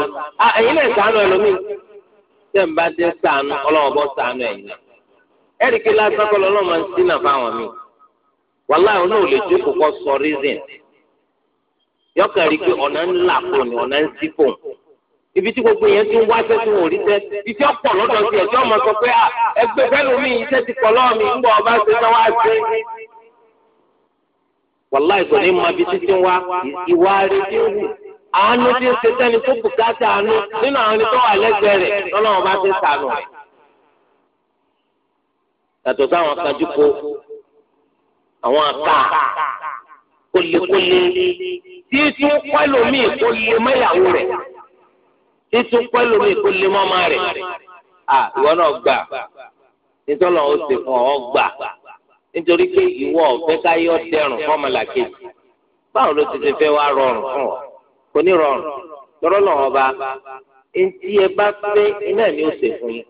ẹ̀yin náà sànù ẹlòmíì tẹ̀ ń bá dé sànù ọlọ́wọ́ bọ́ sànù ẹ̀yin náà. ẹ̀ríkì lásán kọ́ lọ́wọ́ máa ń sínà fáwọn míì. wàláhì náà lè jókòó kọ sọ rizin yọkàn rí pé ọ̀nà ń là kò ní ọ̀nà ń sí ibi tí gbogbo yẹn ti ń wáṣẹ́ tí wọn ò rí tẹ́ iṣẹ́ ọ̀pọ̀ lọ́dọ̀ sí ọmọ sọ pé mi iṣẹ́ ti pọ̀ mi ń ọba ṣe tán wá ṣe. kò ní títí wá ìwà ń wù àánú tí ń ṣe tó àánú nínú ko àwọn àká kólekóle tí tún pẹ́lú mi kó lè mẹ́yàwó rẹ̀ tí tún pẹ́lú mi kó lè mọ́mọ́ rẹ̀ à ìwọ náà gbà nítorí ó sì fún ọ gbà nítorí pé ìwọ ọ̀fẹ́ káyọ̀ dẹrùn fọ́mọlà kejì báwo ló ti ṣe fẹ́ wá rọrùn fún ọ kò ní rọrùn lọ́rọ́ lọ́wọ́ bá ntí ẹ bá fẹ́ iná ni ó sì fún yín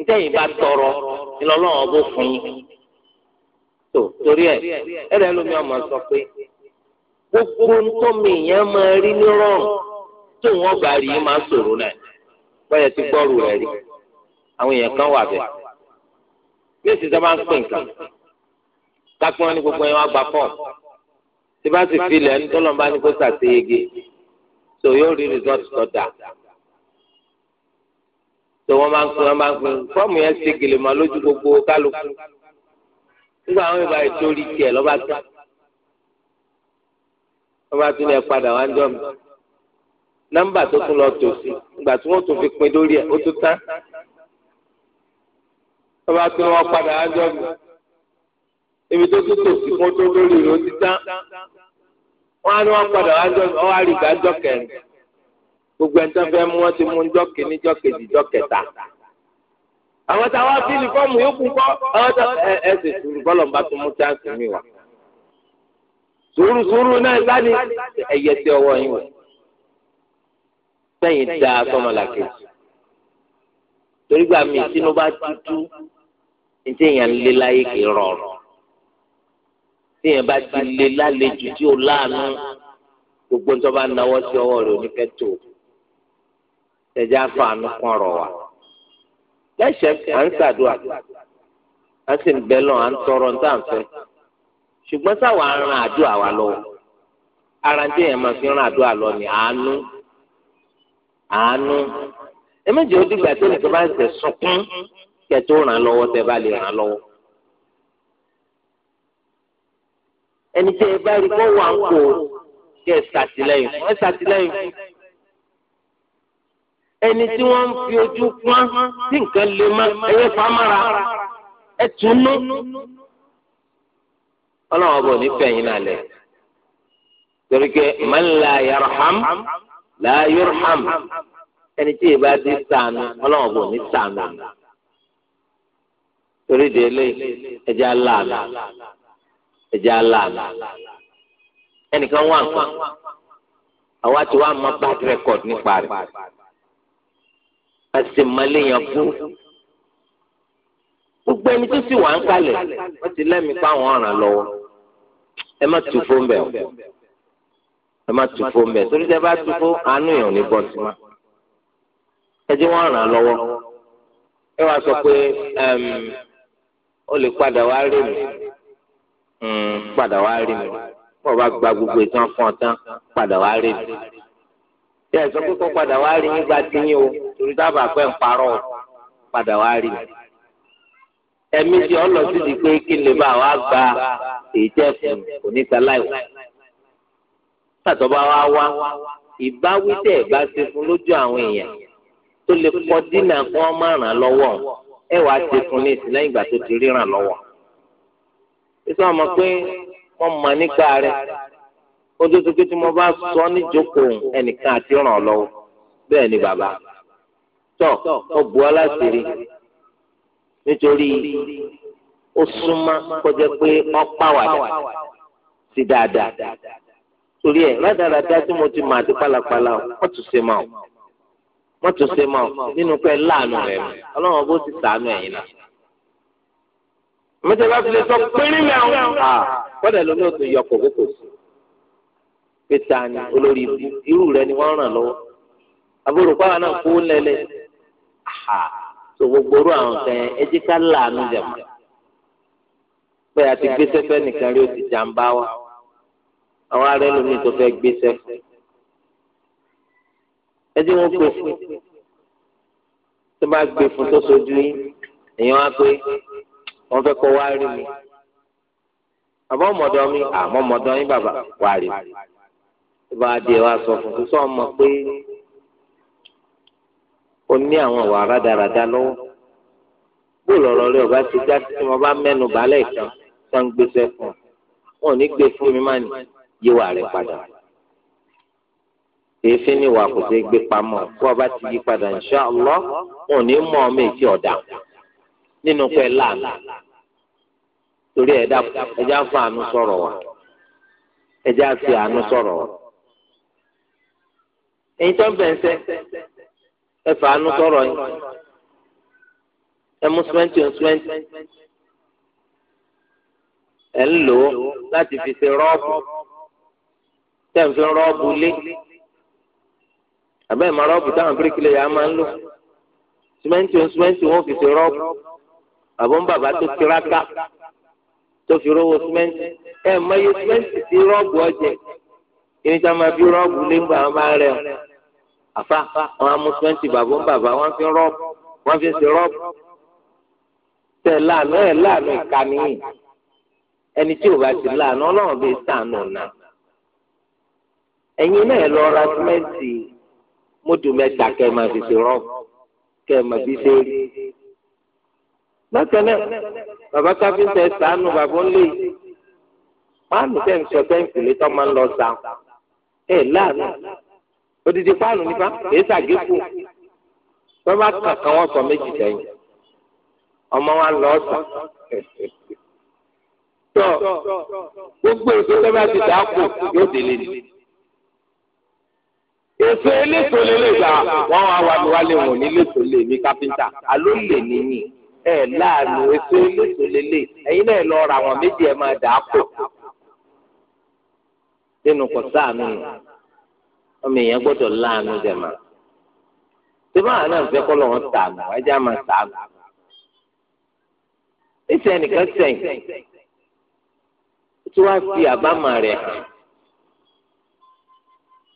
ntẹ́yìn bá tọrọ ìlọ́lọ́wọ́ bó fún yín tó torí ẹ ẹrẹ lómi ọmọ sọ pé gbogbo ntọ́mi yẹn máa rí ní rọrùn tó wọn bá rí yẹn máa sọ̀rọ̀ náà báyẹn ti gbọ́rù rẹ̀ rí àwọn èèyàn kan wà bẹ́ẹ̀ bí èsì sábà ń pè nǹkan kápẹ́ wọn ní gbogbo yẹn wá gba fọ́ọ̀mù tí bá sì filẹ̀ ń tọ́lọ̀ bá ní kó sàtẹ́yẹgẹ tó yóò rí result tó dà tó wọ́n máa ń pè wọ́n máa ń pè fọ́ọ̀mù yẹn ṣe gèlè mọ́ lójú gbogbo kálukú nígbà àwọn ìbá ìtòrí tiẹ̀ lọ́ba tó wọ́n bá tún ní ẹ padà wá ń jọ mi nọ́mbà tó tún lọ tò sí ìgbà tí wọ́n tún fi pin lórí ẹ̀ ó tún tán wọ́n bá tún wọn padà wá ń jọ mi ibi tó tún tò sí fún tó lórí rẹ̀ ó ti tán wọ́n á ní wọ́n padà wá jọ mi wọ́n á rí ìgbà jọ gbogbo ẹni tó fẹ́ mú wọn ti mú jọ kìíní jọ kejì jọ kẹta àwọn táwa fílì fọ́ọ̀mù yókù kọ́ àwọn táwa ẹ ẹ ṣe sùúrù bọ́lọ̀ ń bá tún mú chance mi wá. sùúrù sùúrù náà sáni ẹ̀yẹ tí ọwọ́ yín wọ̀ sẹ́yìn dá sọmọlàkè torí gbà mí sínú bá tutù ní tí èèyàn lé láyé kì í rọrùn tí bá ti lé lálejò tí ó láàánú gbogbo ń tọ́ bá náwó sí ọwọ́ rẹ̀ onífẹ́ tó ẹ̀jẹ̀ àfààní kan rọ̀ wá lẹ́sẹ̀ à ń ṣàdúrà à ń sì ń bẹ́ lọ à ń tọrọ níta ń fẹ́ ṣùgbọ́n sáwọn aràn àdúrà wa lọ́wọ́ ara ń déyàn máa fi ràn àdúrà lọ ní àánú àánú ẹ méjì ó dìgbà tó nìkan bá ń tẹ̀ sunkún kẹ́ tó ràn án lọ́wọ́ tẹ́ bá lè ràn án lọ́wọ́. ẹni tẹ́ wà ń kó kẹ́ ẹ ṣàtìlẹ́yìn fún ẹ ṣàtìlẹ́yìn fún. ẹni tí wọ́n ń fi ojú pọ́n tí nǹkan lè má ẹyẹ pamara ẹ túnú. fẹ̀yìn náà lẹ̀ torí pé man la yarham ẹni tí ìbá ti sànù ọlọ́run ọba ní sànù torí délé ẹjẹ aláàlá ẹjẹ aláàlá ẹnìkan wà nǹkan àwa ti wá mọ nípa àṣemáléyàn bú gbogbo ẹni tó sì wà ń kalẹ̀ wọ́n ti lẹ́mìí pa àwọn ọ̀ràn lọ́wọ́ ẹ má tu fóun bẹ̀ ọ́ ẹ má tu fóun bẹ̀ torí tẹ bá tu fó àánú yàn ní bọ́ọ̀sì má ẹ jẹ́ wọ́n ràn án lọ́wọ́ ẹ wá sọ pé ó lè padà wá rí mi hmm, padà wá rí mi bọ́ọ̀ bá gba gbogbo ìtàn fún ọ tán padà wá rí mi bí ẹ sọ pé kó padà wá rí mi gba tiyín o torí dábàá pé ń parọ́ padà wá rí mi. ẹ̀mí tí ọ lọ sí di pé kí n lè bá wa gba èyí tẹ́ fún oníṣàláìwò. sàtọ́ba wa wá ìbáwí tẹ̀ bá ṣe fún lójú àwọn èèyàn tó lè kọ́ dínà kí wọ́n má ràn lọ́wọ́ ẹ wàá fún ní ìsìn ìgbà tó ti ríran lọ́wọ́. èso àmọ́ pé wọ́n mọ̀ nípa rẹ̀ ó dúdú pé tí mo bá sọ níjókòó ẹnìkan àti ràn lọ́wọ́ bẹ́ẹ̀ ni bàbá tọ ọ bu aláṣìírí nítorí ó súnmọ́ kọjá pé ọ pàwàdà sí dáadáa torí ẹ rádaràdá tí mo ti mọ àti pálapàla ọ wọn tún ṣe máa wọn tún ṣe máa nínú pé láàánú rẹ mọ Ọlọ́run bó ti sàánú ẹ̀yin náà mọtẹ bá tilẹ̀ sọ péré mẹ́rin à kọ́dà lómi ò tún yọ kòkòkò pété àná olórí irú rẹ ni wọ́n ràn lọ́wọ́ àbúrò pàwọn náà kó lẹ́lẹ́ ha tó gbogbo orú àwọn kan ẹ jẹ́ ká láàánú jàmọ pé a ti gbé sẹfẹ nìkan rí o ti jàǹbá wa àwọn ará ẹlòmíì tó fẹ́ gbé sẹfẹ ẹ jẹ́ wọn pè fún tó bá gbé fún tó sojú yín èèyàn á pé wọn fẹ́ kọ wá rí mi àbọ̀ ọmọdọ́ mi àmọ́ ọmọdọ́ yín bàbá wà rí mi tó bá dé sọ fún sọ ọmọ pé ó ní àwọn ìwà rádaràda lọ́wọ́ bó lọ̀rọ̀ rẹ ọba ti já tí mo bá mẹ́nu balẹ̀ kan tó ń gbéṣẹ́ fún ọ wọn ò ní gbé fún mi má ní yíwà rẹ padà èéfín ni ìwà kò ṣeé gbé pamọ́ kó ọba ti yí padà insha Allah wọn ò ní mọ ọmọ èjì ọ̀dà nínú pẹ́ láàánú torí ẹ̀dá ẹ̀dá fún àánú sọ̀rọ̀ wa ẹ̀dá fi àánú sọ̀rọ̀ wa èyí tó ń bẹ̀ ń sẹ́ ẹ fàánú sọ̀rọ̀ yín ẹ mú sìmẹ́ǹtì ń sìmẹ́ǹtì ẹ ń lò ó láti fi ṣe rọ́ọ̀bù tẹ̀ ń fi rọ́ọ̀bù lé àbẹ́ ìmọ̀ rọ́ọ̀bù táwọn bíríkìlẹ̀ yà máa ń lò sìmẹ́ǹtì ń sìmẹ́ǹtì wọn fi ṣe rọ́ọ̀bù àbọ̀ ń bàbá tó tiraka tó fi rówó sìmẹ́ǹtì ẹ mọ iye sìmẹ́ǹtì tí rọ́ọ̀bù ọ̀jẹ̀ kí ni sáà máa bí rọ́ọ̀bù lé ń gbà wọn máa rẹ̀ ọ́ àfa wọn amú twenty bàbá ń bàbá wọn fi rọ́ọ̀bù wọn fi ṣe rọ́ọ̀bù tẹ láàánú ẹ láàánú ìkànnì ẹni tí ò bá ti láàánú ọlọ́run bíi sànù náà ẹ̀yin náà lọ ra símẹ́ǹtì mọ́tò mẹ́ta kẹ́ ẹ máa fi ṣe rọ́ọ̀bù kẹ́ ẹ máa fi ṣe rí bákan náà bàbá káfíńtà ẹ sànù bàbá ńlẹ̀ yìí páànù tẹ̀ ń sọ tẹ́ǹkì létọ́ máa ń lọ sàn ẹ̀ láàánú odidi fáànù nípa èyí ṣàgékù wọn bá kàn kàn wọn sọ méjì sẹ́yìn ọmọ wa lọ ọsà tọ gbogbo èso tó bá ti dàá kù yóò délé ni èso eléso lélẹ̀ gbà wọn wá wà mí wálé wọn níléso lè mí kápẹ́ńtà àló lè níyìn ẹ láàánú èso eléso lélẹ̀ ẹ̀yin náà lọ ra àwọn méjì ẹ máa dàá kù nínú kọsáànù nù. ọmọ èèyàn gbọ́dọ̀ láàánú jẹ̀mà síbá tààmù tààmù nìkan tí wàá fi àbámà hàn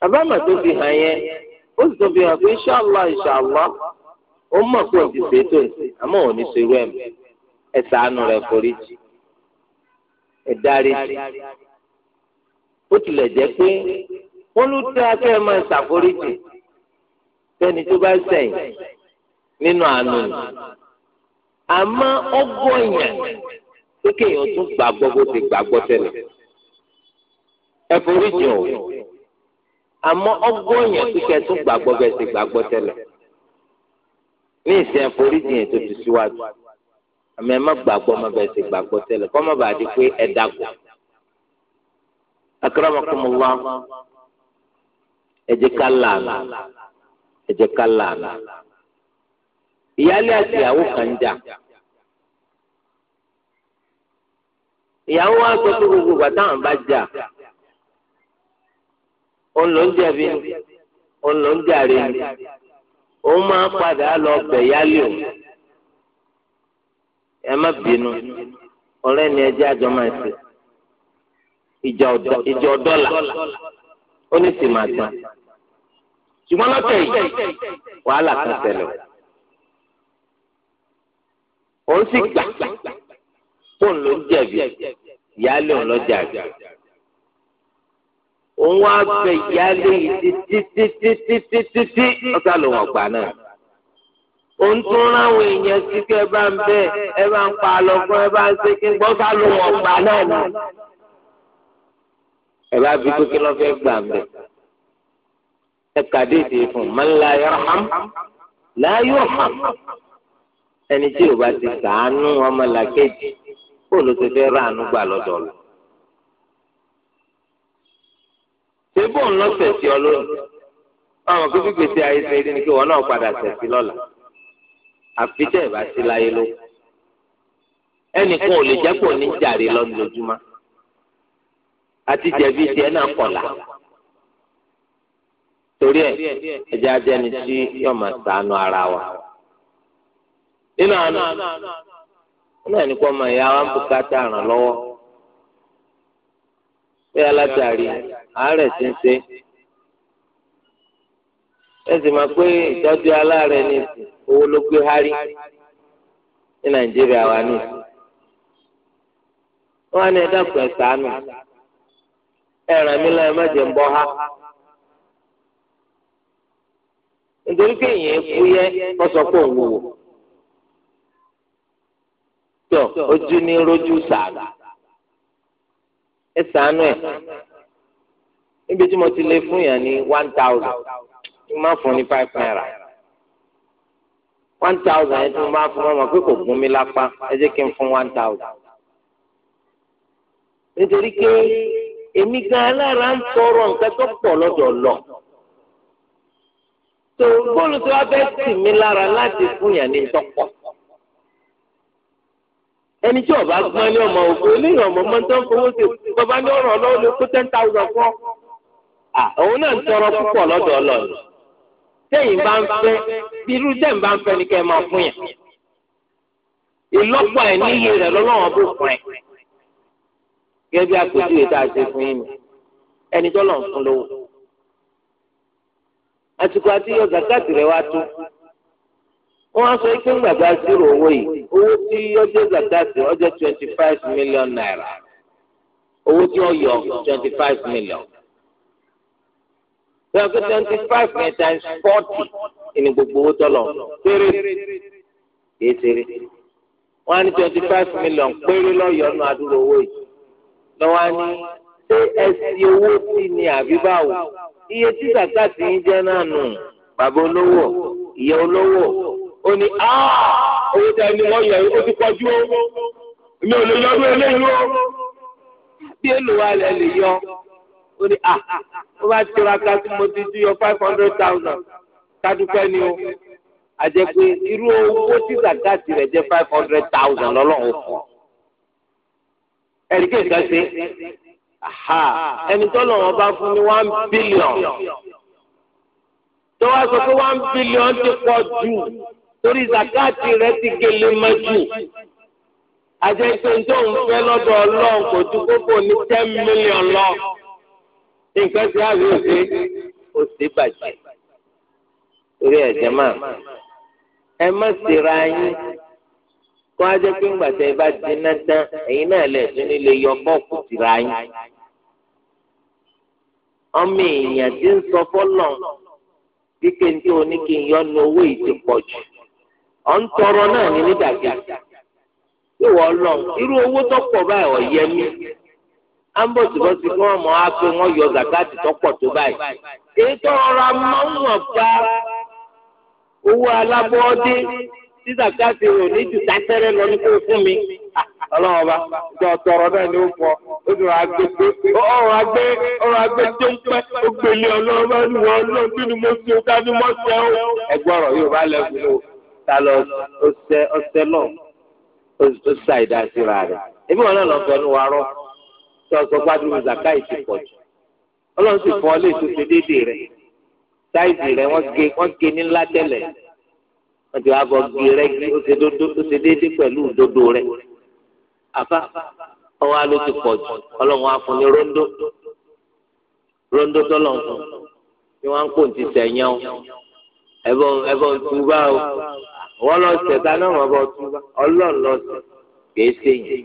àbámà tó fi hàn yẹn ó sì tó fi hàn pé ó pé ti ṣe tó ń ṣe àmọ́ òun ní ṣerú ẹ̀ ẹ̀ rẹ̀ ẹ̀ ó tilẹ̀ jẹ́ pé. wọn ló tẹ akẹ́ máa ṣàforíjì sẹ́ni tó bá sẹ̀yìn nínú àánú ni àmọ́ ọgọ́yàn tó kéèyàn tún gbàgbọ́ bó ti gbàgbọ́ tẹ́lẹ̀ ẹ foríjì o àmọ́ ọgọ́yàn tó kẹ́ tún gbàgbọ́ bẹ́ẹ̀ ti gbàgbọ́ tẹ́lẹ̀ ní ìsìn àforíjì yẹn tó ti síwájú àmọ́ ẹ má gbàgbọ́ má bẹ́ẹ̀ ti gbàgbọ́ tẹ́lẹ̀ kọ́ má bàa di pé ẹ dàgbọ́. akramakumullah ẹ jẹ́ ká lànà ẹ jẹ́ ká lànà ìyálé àti ìyàwó kan jà ìyàwó wa sọ pé gbogbo ìgbà táwọn bá jà òun ló ń jẹ̀bi òun ló ń jàre ni òun máa padà lọ bẹ̀ yálé o ẹ má bínú ọ̀rẹ́ ni ẹ jẹ́ àjọ máa ṣe ìjọ dọ́là ó ní sì máa gbà ṣùgbọ́n lọ́tẹ̀ yìí wàhálà kan ṣẹlẹ̀ òun sì gbà fóun ló ń jẹ̀bi ìyáálé òun lọ́jà àgbà òun wá bẹ ìyáálé yìí títítítítítítí ọ̀tá lòun ọ̀gbà náà òun tún ráwọn èèyàn sí kí ẹ bá ń bẹ ẹ bá ń pa àlọ́ fún ẹ bá ń ṣe kí n gbọ́ sá lòun ọ̀gbà náà náà ẹ bá bí pé kí ló fẹ́ gbà ń bẹ̀. ẹ kàdé ìdè fún man la yarham la yurham ẹni tí o bá ti sàánú ọmọ làkejì kó ló ti fẹ́ ránú gbà lọ́dọ̀ lọ. ṣé bóun lọ sẹ̀sì ọ lónìí àwọn kó fi ayé ṣe rí kí wọn náà padà sẹ̀sì lọ́la àfijẹ́ ìbá sí láyé ló ẹnìkan ò lè jẹ́ pọ̀ ní jàre lọ́dún lójúmọ́ àti jẹ̀bi tiẹ̀ náà kọ̀la torí ẹ̀ ẹ̀jẹ̀ ajẹ́ni tí yóò máa ṣàánú ara wa nínú àná náà ní kó ọmọ ìyá wa ń bùkátà ràn lọ́wọ́ bẹ́ẹ̀ alátàrí àárẹ̀ ti ń ṣe ẹ sì máa pé ìtọ́jú aláàárẹ̀ ní owó ló gbé hárí ní nàìjíríà wa ní. wọ́n á ní ẹ dákun ẹ̀ ṣàánú. ẹ̀ràn mi lọ́wọ́ mẹ́jẹ̀ ń bọ́ ha. nítorí pé èèyàn kú yẹ kó sọ pé òun wò. tó ojú ní rojú sàrà ẹ sànú ẹ níbi tí mo ti lè fún yàn ní one thousand tí mo máa fún ní one thousand tí mo máa fún ọmọ pé kò gún mi lápá ẹ fún one thousand èmi gan alára ń tọrọ nǹkan tó pọ̀ lọ́dọ̀ lọ. tó bóòlù tó wá bẹ́ẹ̀ tì mí lára láti fún yàn ní tọ́pọ̀. ẹni tí ọba gbọ́n ní ọmọ ògbó eléyìí ọmọ ọmọ tó ń fowó sí bàbá ní ọ̀rọ̀ ọlọ́wọ́ lè kó ten thousand fún ọ. òun náà ń tọrọ púpọ̀ lọ́dọ̀ lọ ni. téyìn bá ń fẹ́ irú téyìn bá ń fẹ́ ni kẹ́ ẹ máa fún yàn. ìlọ́pọ̀ ẹ̀ níyì rẹ̀ lọ́lọ́wọ́ gẹ́gẹ́ bí àpèjúwe tá a ṣe fún yín mi ẹni tó lọ ń fún lówó àsìkò àti yọ zakati rẹ̀ wá tó wọ́n á sọ pé gbàgbà zero owó yìí owó tí ọjọ́ zakati ọjọ́ twenty five million naira owó tí wọ́n yọ twenty five million twenty twenty five million times forty ìní gbogbo owó tọ́lọ̀ péré kéésèré wọ́n á ní twenty five million péré lọ́yọ̀ọ́nù àdúrà owó yìí lọ́wọ́ á ní ṣé ẹsì owó sí ni àbí báwo iye tí kàkà sí ń jẹ́ náà nù bàbá olówó ìyá olówó ó ní owó tí a ní wọ́n yọ ó ti pọ̀jù ó mi ò lè yọ eléyìí ó bí olùwalẹ̀ lè yọ ó ní à ó bá tiraka tí mo ti yọ five hundred thousand kádùpẹ́ ni o àjẹpé irú owó tí kàkà sí rẹ̀ jẹ́ five hundred thousand lọ́lọ́run fún ọ ẹ̀ríkè kẹsẹ ẹni tọ́lọ̀ wọn bá fún ní one billion tó wá sọ pé one billion ti pọ̀ jù torí zakati rẹ ti gèlè mọ́ jù àjẹ́ pé tó ń fẹ́ lọ́dọ̀ ọlọ́run kò ju kókó ní ten million lọ nǹkan ti àbí òsè òsè bàjẹ́ torí ẹ̀jẹ̀ máa ẹ má ṣèrà yín. kó a jẹ́ pé ńgbà tẹ́ ẹ bá dínà tán ẹ̀yin náà lè tún nílé yọ bọ́ọ̀kù tìra yín. ọmọ èèyàn ti ń sọ fọ́lọ̀ bí kéńté oní kí n owó yìí ti pọ̀ jù. ọ̀ ń tọrọ náà ní nídàgbà. ìwọ lọ irú owó tó pọ̀ báyìí ọ̀ yẹ mí. à ń bọ̀ síbọ̀ sí kí wọ́n mọ̀ á pé wọ́n yọ zakati tó pọ̀ tó báyìí. èyí tó rọra máa ń wọ̀n pa owó alábọ́ọ́dé tí zakati rò ní ju tásẹ́rẹ́ lọ ní kó fún mi ọlọ́wọ́n bá jọ tọrọ náà ni ó fọ ó sì rà gbé ọrọ̀ agbé ọrọ̀ agbé tó ń pẹ́ ó gbélé ọlọ́wọ́ bá ní wọ́n lọ kí ni mo ṣe ká ní mo ṣe ó. ẹgbọrọ yóò bá lẹkùn o ta lọ ọsẹ ọsẹ náà ó sa ìdásíra rẹ ebi wọn náà lọ fẹnu wa rọ tí ọsọ gbádùn zakai ti pọ̀ jù Ọlọ́run sì fọ ọ lè tó ṣe déédéé rẹ táìsì rẹ wọn gé wọn gé ní ńlá tẹ́lẹ̀ wọ́n ti wá bọ́ gí rẹ́gí ó ṣe dódó ó ṣe déédé pẹ̀lú òdodo rẹ̀ àfa ọwọ́ ló ti pọ̀ jù ọlọ́run á fún ní róńdó róńdó tọ́lọ̀ fún ni wọ́n ń kó ti sẹ̀yàn o ẹ̀bọ̀n ẹ̀bọ̀n túbá o wọ́n lọ sẹ̀ta náà wọ́n bọ̀ túbá ọlọ́run lọ sẹ̀ kìí sẹ́yìn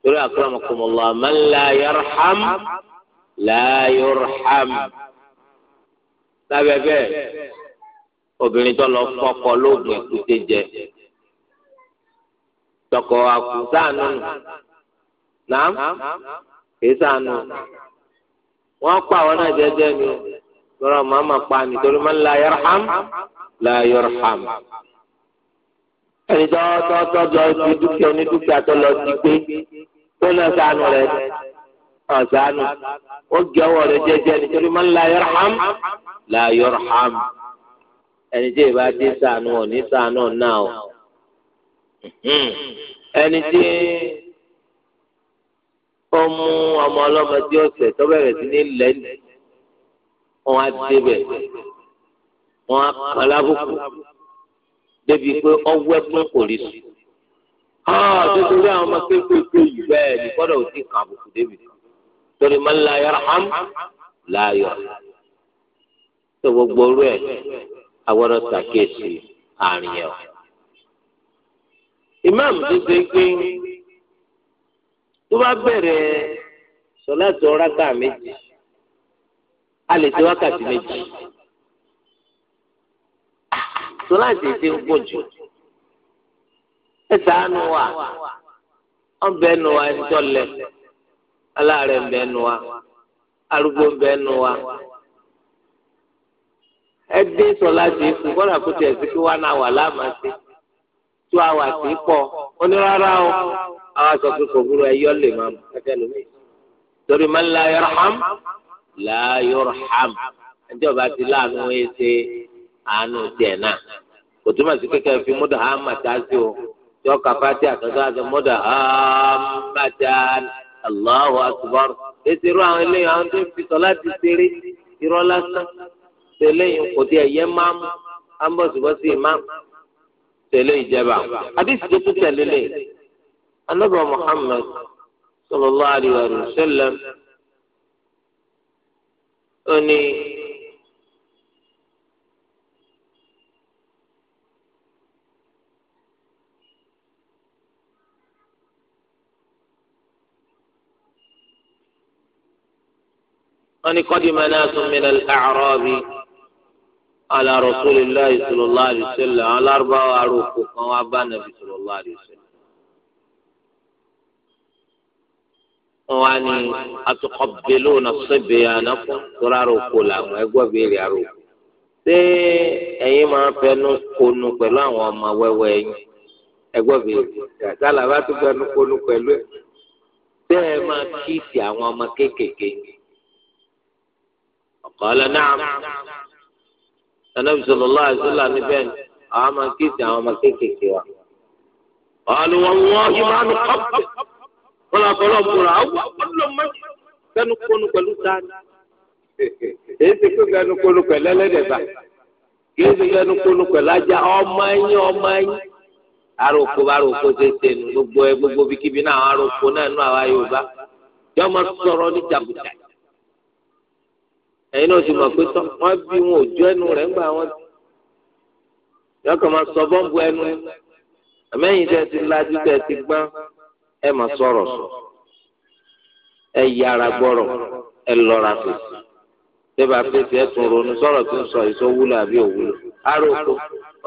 torí akramakumullah man la yarham la yurham sábẹ́ bẹ́ẹ̀ obìnrin tó lọ fọkọ lóògùn èkúté jẹ tọkọ àkùsàánù nàám kìí sàánù wọn pa àwọn náà jẹjẹ ni lọrọ màmá pa nítorí máa ń la yarham la yarham ẹni tó tó tó jọ ti dúkìá onídúkìá tó lọ ti gbé tó lọ sàánù rẹ ọ̀sánù ó gé ọwọ́ rẹ jẹjẹ nítorí máa ń la yarham la yarham ẹni tí ìbá dé sànù òní sànù náà o hmm. ẹni tí ó mú ọmọ ọlọ́mọ tí ó ṣẹ̀ tó bẹ̀rẹ̀ sí ní lẹ́nu wọn á débẹ̀ wọn á kàn lábùkù débi pé ọwọ́ ẹkún kò rí sùn. Nítorí àwọn ọmọ kéékèèké yìí bẹ́ẹ̀ ni kọ́dọ̀ ò ti kàn àbùkù débi kan. Torí man la yarham la yarham. Tó gbogbo orú ẹ̀ agbọ́dọ̀ ṣàkíyèsí àárín ẹ̀ o. ìmáàmù tó ṣe pé tó bá bẹ̀rẹ̀ sọ̀láàtì ọ̀rágbà méjì a lè ṣe wákàtí méjì sọ̀láàtì ti ń pọ̀ jù ẹ ṣàánú wa wọn bẹ nu wa ẹni tó lẹ aláàárẹ̀ ń bẹ nu wa arúgbó ń bẹ nu wa ẹdín sọlá ti kú kọ́nà kó tiẹ̀ sí kí wọ́n náà wà láàmà sí tó àwà sí pọ̀ onírárá o àwọn sọ pé kò burú ẹyọ lè máa mú ẹjẹ lómi torí man la yarham la yurham ẹjọ́ bá ti láàánú ẹ àánú tiẹ̀ náà kò túmọ̀ sí kékeré fi múdà hàmà tá a sí o yọ kàfáàtì àtọ́sọ́ àti múdà hàmà tá a Allahu akbar ètò irú àwọn eléyìí tó ń fi sọ láti ṣeré irọ́ lásán tẹlẹyìn kò tí ẹ yẹ máa mú ambọ̀sibọ́sì máa tẹlẹ ìjẹba àdìsí tó tún tẹlẹ lẹ anábà Muhammad sallallahu alaihi wa sallam أن قدم ناس من الأعراب ala rasulillahi sallallahu alayhi wa sallam alárúbáwá aróko kan wá bá nàbí sallallahu alayhi wa sallam. wọn wá ní atukọbẹlóna sẹbẹ ànákùn tóra aróko làwọn ẹgbọn béèrè aróko. ṣé ẹ̀yin máa fẹnu konu pẹ̀lú àwọn ọmọ wẹ́wẹ́ yín ẹgbọn béèrè sálàbà tó fẹnu konu pẹ̀lú ẹ ṣé ẹ máa kíìsì àwọn ọmọ kéékèèké. ọ̀kọ́ anabi sallallahu alaihi wasallam níbẹ̀ ni àwọn máa kéèsì àwọn máa kéékèèké wa. ọ̀hánú wọn wọ́n ìmánu kọ́pẹ̀ wọn lọ fọlọ́ bùrọ̀ ẹ̀yin náà sì mọ̀ pé tọ́ wọ́n bí wọn ò jó ẹnu rẹ̀ ńgbà wọn yọkàn máa sọ bọ́ǹbù ẹnu ẹ̀mẹ́yìn tẹ́ ti lajú tẹ́ ti gbọ́n ẹ máa sọ̀rọ̀ sọ ẹ yára gbọ́rọ̀ ẹ lọ́ra fèsì tẹ́bà fèsì ẹ tún ronú sọ̀rọ̀ tó ń sọ ìṣó àbí òwúlò aróko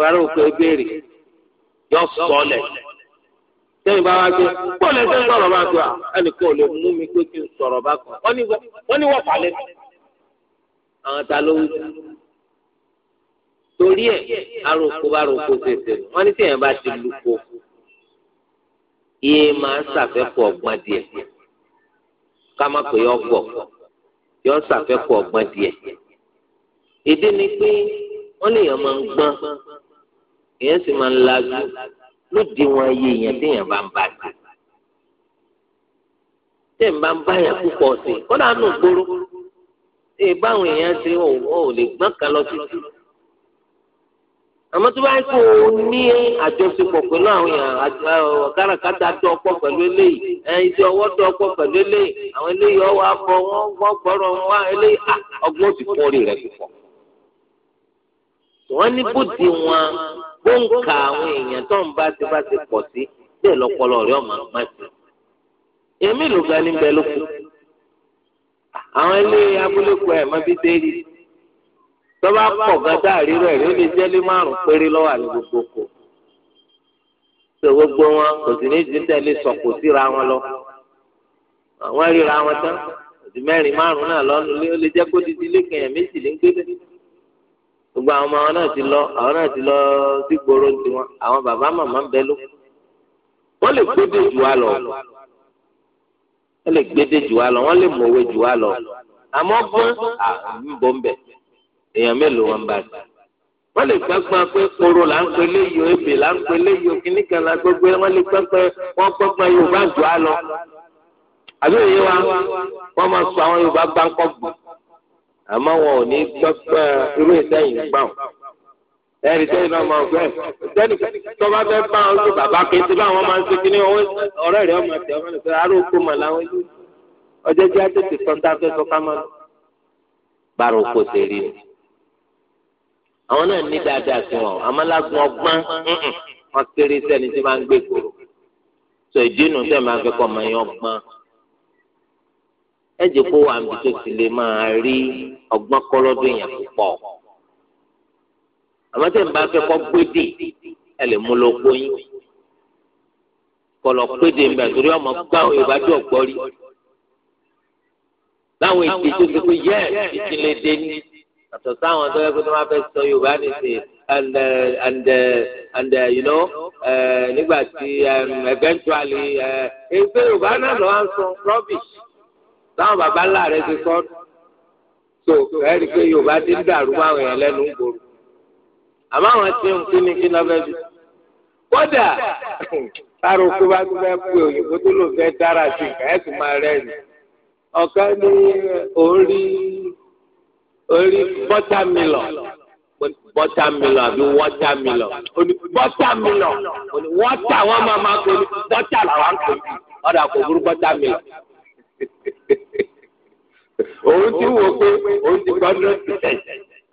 aróko ebéèrè yọ sọlẹ̀ sẹ́yìn bá wá gbé bọ́ọ̀lù ẹ̀sẹ̀ ń sọ̀rọ̀ bá gbà ẹnì kan lè mú mi pé kí n sọ̀rọ̀ bá kàn wọ́n ní wọ́n palẹ̀ mi àwọn ta ló wí. torí ẹ̀ aróko bá roko ṣèṣe wọ́n ní tẹ̀yàn bá ti lu ko iye máa ń ṣàfẹ́kù ọgbọ́n díẹ̀ ká má pè é ọgbọ̀ yọ ṣàfẹ́kù ọgbọ́n díẹ̀. ìdí ni pé wọ́n lè yàn máa ń gbọ́n èèyàn sì máa ń lajú lóde wọn ayé èèyàn téèyàn bá ń bá sí. téèyàn bá ń báyà púpọ̀ sí kọ́dà nù gbóró ee báwọn èèyàn ṣe ò ò lè gbọ́n kan lọ títí. àmọ́ tó bá ń kó o ní àjọṣepọ̀ pẹ̀lú àwọn èèyàn káràkátà tó ọ̀pọ̀ pẹ̀lú eléyìí ẹyin tí ọwọ́ tó ọ̀pọ̀ pẹ̀lú eléyìí àwọn eléyìí ọwọ́ afọ wọn wọ́n gbọ́rọ̀ wá eléyìí ọgbọ́n ti kún orí rẹ̀ púpọ̀. wọ́n ní bùdí wọn gbóǹkà àwọn èèyàn tó ń bá ti bá ti pọ̀ sí bẹ́ẹ̀ lọ́pọlọ rẹ̀ ọ̀ àwọn ilé abúlékù ẹ̀ mọ́ bí déèlì tọ́ba pọ̀ gàdá àrírọ̀ ẹ̀ ló lè jẹ́lé márùn-ún péré lọ́wọ́ àlè gbogbo kò tó gbogbo wọn kò sì ní ti tẹ̀lé sọ̀kò síra wọn lọ àwọn ríra wọn tán òdì mẹ́rin márùn-ún náà lọ́nu lé ó lè jẹ́ kó didi ilé kẹyàn méjì lé ń gbé bẹ́ẹ̀ gbogbo àwọn ọmọ náà ti lọ àwọn náà ti lọ sí gbòòrò tiwọn àwọn bàbá màmá ń bẹ ló wọ́n lè gbé bèjì wa lọ wọ́n lè gbédè jù wá lọ wọ́n lè mọ̀wé jù wá lọ àmọ́ gbọ́n àmì bọ́ ń bẹ̀ èèyàn mélòó wọn bá ti wọ́n lè gbàgbọ́ pé koro là ń pele yìí o ebè là ń pele yìí o kìíní kan la gbogbo wọ́n lè gbàgbọ́ wọ́n gbàgbọ́ yorùbá jù á lọ. àbí òye wa wọ́n máa sọ àwọn yorùbá gbáǹkọ́ gbò àmọ́ wọn ò ní gbàgbọ́ irú ìsẹ́yìn gbà wọn ẹ̀rí sẹ́yìn náà máa gbẹ́ sẹ́ni tọ́ba fẹ́ bá wọn sí bàbá kejì báwọn máa ń ṣe kí ni ọ̀rẹ́ rẹ̀ ọmọ ẹ̀tẹ̀ ọmọ ẹ̀tẹ̀ aró oko mà láwọn yìí ọjọ́ jẹ́ àtẹ̀tẹ̀ sọ́ńtà fẹ́ sọ ká máa bára oko ṣe rí ni. àwọn náà ní dáadáa sí wọn amálágún ọgbọ́n wọn kéré sẹ́ni tí máa ń gbé kúrò sọ ìdínú tẹ̀ máa fẹ́ kọ́ máa yan ọgbọ́n ẹ̀jẹ̀ kó wà níbi tó àmọ́ tẹ̀ ń bá fẹ́ kọ́ gbédè ẹ lè mú lọ gbóyún kọlọ gbédè mbẹ torí ọmọ gbá òye bá rí láwọn èdè tó fi pé yẹ ìdílé dé ní àtọ̀ sáwọn tó yẹ kó tó máa fẹ́ sọ Yorùbá nìsí and uh, and uh, and uh, you know uh, nígbà tí um, eventually ẹgbẹ́ uh, Yorùbá náà lọ́wọ́ ń sọ rubbish táwọn baba ti sọ so ẹ i pé Yorùbá ti ń dàrú báwọn yẹn lẹ́nu ń gbòòrò àmọ́ àwọn tí ń kú ní kí náà fẹ́ bí. kódà sáré okú bá tún fẹ́ pé òyìnbó tó lò fẹ́ dára sí nǹkan ẹ̀ tún máa rẹ̀ ni. ọ̀kan ní orí orí bọ́tàmílọ̀ bọ́tàmílọ̀ àbí wọ́tàmílọ̀ oní bọ́tàmílọ̀ oní wọ́tà wọn máa máa kó ní bọ́tà làwọn ń kó ní ọ̀dà kò burú bọ́tàmílọ̀ òun ti wò pé òun ti gbọ́dọ̀ tẹ̀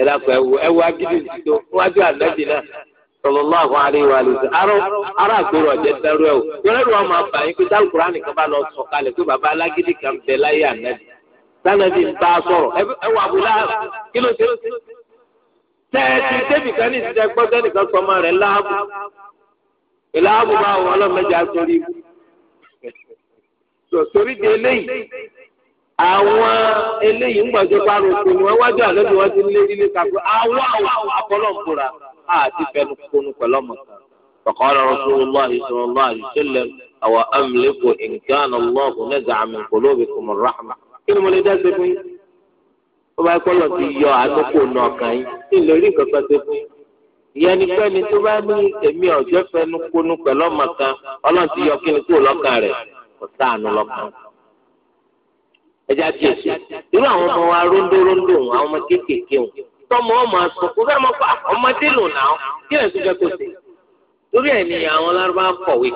ẹ dàpọ̀ ẹ agidi agídí tó wájú ànábì náà sallallahu alaihi wa sallam arọ arọ àgbèrò ọjẹ tẹrù o yọrọ wọn yín pé nìkan bá lọ sọ kalẹ̀ pé bàbá alágídí kan bẹ láyé ànábì ń bá a sọ̀rọ̀ kan ní nìkan sọ ọmọ láàbù àwọn eléyìí ń gbàjọ bá rògbò ní wọn wájú àlejò wọn ti lé nílé kakú àwọn àwọn àti fẹnu kónú pẹ̀lú ọmọ kan. فقال رسول الله صلى الله عليه وسلم أو أملك إن كان الله نزع من قلوبكم الرحمة ṣe fún yín ó bá kọ́ ẹja kíyèsí irú àwọn ọmọ wa róńdó róńdó àwọn ọmọ kéékèèké wọn tọmọ ọmọ asọ kó fẹ́ mọ pa ọmọdé lò náà kí lè tún fẹ́ kó sí torí ẹ̀ ní àwọn lárúbá kọ̀wé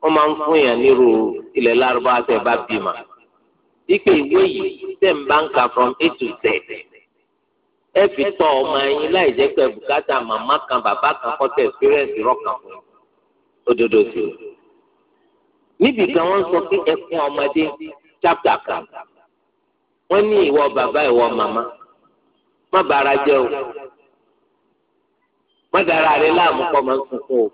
wọ́n máa ń fún yàn nírú ilẹ̀ lárúbá tẹ̀ bá bí ma ike ìwé yìí tẹ̀ ń bá ń kà from a to z ẹ fi tọ́ ọmọ yín láì jẹ́ pé bùkátà màmá kan bàbá kan kọ́tẹ̀ experience rọ́ọ̀kan fún òdodo sí i níbi kan wọ́n sọ pé ẹ ọmọdé chapter kan wọ́n ní ìwọ bàbá ìwọ màmá má bàrà jẹ́ o má dara rẹ láàmú kọ́ máa ń sunkún o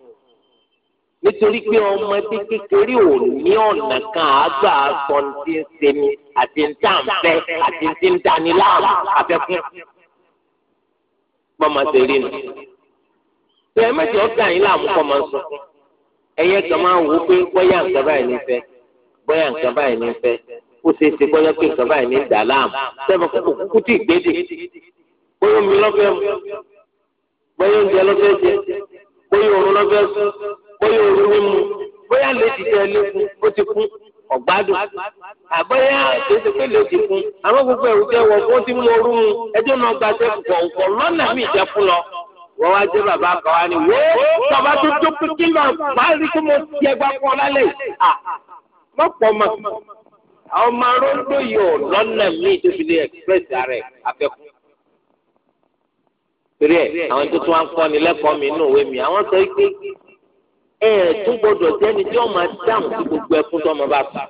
nítorí pé ọmọdé kékeré ò ní ọ̀nà kan àgbà sọ ti ń semi àti ń tà ń fẹ́ àti ti ń dani láàmú afẹ́kún bọ́mọ ṣe rí nu tẹ̀mẹ́tì ọ̀gá yín láàmú kọ́ máa sunkún ẹ̀yẹ kan máa ń wò pé wọ́n yá nǹkan báyìí nífẹ̀ẹ́ bóyá nǹkan báyìí ní fẹ́ ó ṣe é ṣe bóyá pé nǹkan báyìí ní dà láàmú sẹ́fọ̀ kókò kúkú tí ìgbédè bóyá omi lọ́fẹ́ mu bóyá oúnjẹ lọ́fẹ́ jẹ bóyá òórùn lọ́fẹ́ sùn bóyá òórùn mímu bóyá lè ti jẹ lẹ́kùn ó ti kú ọ̀gbádùn àbóyá ètò pé lè ti kú àwọn gbogbo ẹ̀rù jẹ́ wọ̀ fún ti mú orú mu ẹjọ́ náà gba jẹ́ kọ̀ọ̀kọ̀ lọ́nà mí jẹ́ wọ́n wá jẹ́ bàbá kan wá ní wó tọ́ba tó dókítì lọ máa rí kí mo ti ẹgbà lálẹ́ mọ̀pọ̀ mọ̀ àwọn ọmọ aróńdó yóò lọ́nà míì tó fi lè express rẹ̀ afẹ́kù. torí ẹ àwọn tó tún wá ń kọ́ ni lẹ́kọ̀ọ́ mi nù òwe mi àwọn sọ pé ẹ tún gbọdọ̀ sẹ́ni tí wọ́n máa dáhùn sí gbogbo ẹkún tó ọmọ bá fà.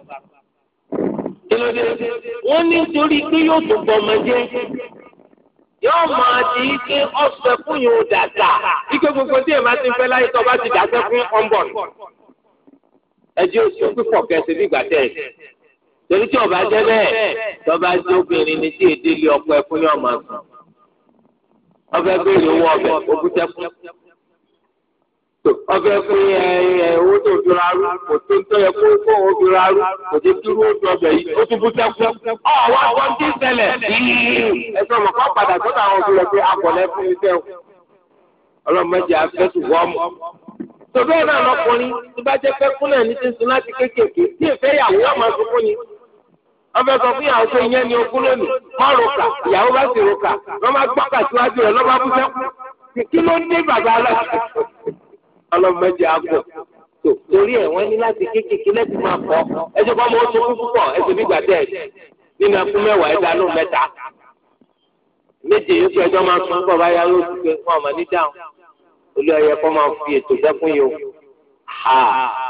wọ́n ní nítorí pé yóò tún bọ ọmọ jẹ́ yóò máa di ike ọ̀sẹ̀ fún yòó dàgbà ike gbogbo tí èèmá ti fẹ́ láyé tó bá ti dàgbà fún ọ̀nbọ̀n ẹjẹ oṣù pípọ̀ kẹsì nígbà tẹ̀ ẹ̀ torí tí ọba jẹ́ bẹ́ẹ̀ tọba jẹ́ obìnrin ní tí èdè lé ọkọ ẹkún ní ọmọ ẹkún ọbẹ̀ béèrè owó ọbẹ̀ òkúta kún ọbẹ̀ fún ẹ owó tó fi ra rú kò tó ń tọ́ yẹ kó kó o fi ra rú kò tó dúró oṣù ọbẹ̀ yìí ó tún bú sẹ́kù ọ̀wọ́ àwọn tí ń ṣẹlẹ̀ ẹ̀sọ́ mọ̀ kọ́ padà sọ́dọ̀ tọ́bẹ́ náà lọkùnrin tó bá jẹ́ pé kúnlẹ̀ ní ti sun láti kéékèèké tí èfẹ́ ìyàwó wà máa sunkún ni. wọ́n fẹ́ sọ fún ìyàwó pé ìyẹn ni okú lónìí má roka ìyàwó bá sì roka wọ́n máa gbọ́ kàtíwájú rẹ̀ lọ́ba bú sẹ́kù kí ló ń dé bàbá aláṣẹ. ọlọ́mọdé àgọ́ tó torí ẹ̀ wọ́n ní láti kéékèèké lẹ́sìn máa kọ́ ẹjọ́ bá mọ oṣù púpọ̀ ẹsẹ̀ bí gbàdẹ́ nínú ẹkún mẹ́wàá ẹ̀dá ló mẹ́ta méje yóò fi ẹjọ́ máa sún bọ̀ báyà lóṣù pé wọ́n ọmọ ní dáhùn olú ẹyẹ kọ́ máa fi ètò sẹ́kùn yìí o ha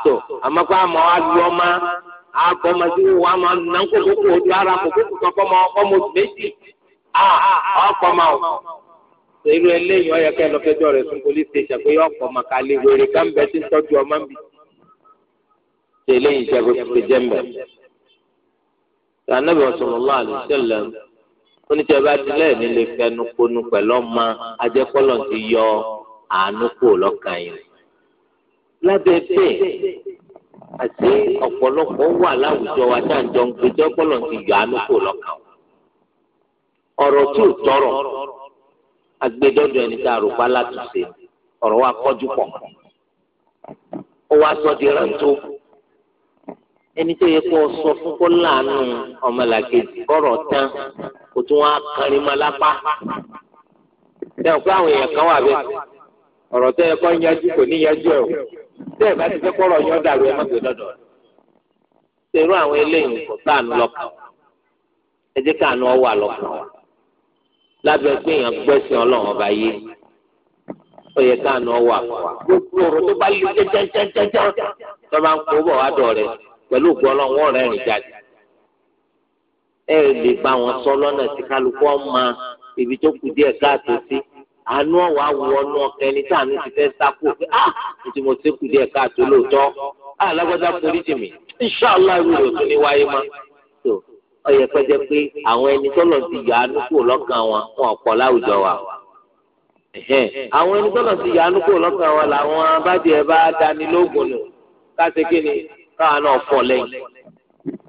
tó àmọ́kọ́ àmọ́ alu ọmọ àgbọ̀ ọmọ tí wọ́n á máa nà ń kó kókó ojú ara kó kókó kan fọ́mọ ọmọ oṣù méjì ha ọkọ̀ máa o tó irú eléyìí ọyẹ kẹ́ lọ́kẹ́jọ́ rẹ̀ fún police station pé ọkọ̀ máa ka lè wèrè ká ń bẹ tí ń tọ́jú ọmọ mi tó eléyìí jẹ́ bó ti jẹ́ mbẹ́. Ànábì sallallahu alaihi wasallam oníṣẹ́ bá tilẹ̀ nílé fẹnu ponu ọmọ ajẹ́kọ́lọ́ ti yọ ọ́ àánú kò lọ́kàn yìí lábẹ́ bẹ́ẹ̀ àti ọ̀pọ̀lọpọ̀ wà láwùjọ wa tá à ń jọ ń gbẹjọ́ pọ̀lọ̀ ti yọ àánú kò lọ́kàn ọ̀rọ̀ tí ò tọrọ agbẹjọ́dọ̀ ẹni tá a rò pa látúnṣe ọ̀rọ̀ wa kọjú pọ̀ ó wá sọ di rántó ẹni tó yẹ kó sọ fún kó láàánú ọmọlàkejì kọ̀rọ̀ tán kó tún wá kárí lápá ẹ̀ ń pẹ́ àwọn èèyàn kan wà bẹ́ẹ̀ ọ̀rọ̀ tẹ́ ẹ kọ́ yanjú kò ní yanjú ẹ̀ o tẹ́ ẹ bá ti fẹ́ kọ́rọ̀ yọ dàrú ẹ má gbé lọ́dọ̀ rẹ̀ ṣerú àwọn eléyìí kò káànú lọ́kàn ẹ jẹ́ káànú ọwọ́ àlọ́kàn wa lábẹ́ pé èèyàn gbẹ́sìn ọlọ́run ọba yé ó yẹ káànú ọwọ́ àkọ́ wa gbogbo ọ̀rọ̀ tó bá lé jẹ́jẹ́jẹ́jẹ́ tó bá ń kó bọ̀ wá dọ̀ rẹ̀ pẹ̀lú ògbó ọlọ́run ọ̀rẹ́ rìn jáde ẹ lè bá wọn sọ lọ́nà tí kálukú ọmọ ibi tó kù díẹ̀ káàtó sí àánú ọ̀wá wọ ọnú ọkàn ẹni tí àánú ti fẹ́ sáko pé á ah, ètò mo ti kù díẹ̀ káàtó lóòótọ́ á ah, lágbádá forí jì mí inṣàlá irú rẹ̀ tún ní wáyé mọ́. tó ọyẹ pẹjẹ pé àwọn ẹni tọ́lọ̀ ti yọ àánú kúrò lọ́kàn wọn wọn ọ̀pọ̀ láwùjọ wa. àwọn ẹni tọ́lọ̀ ti yọ àánú kúrò lọ́kàn wọn làwọn abájẹ́ bá dání lóògùn nù káṣe kí ni káwọn náà fọ lẹ́yìn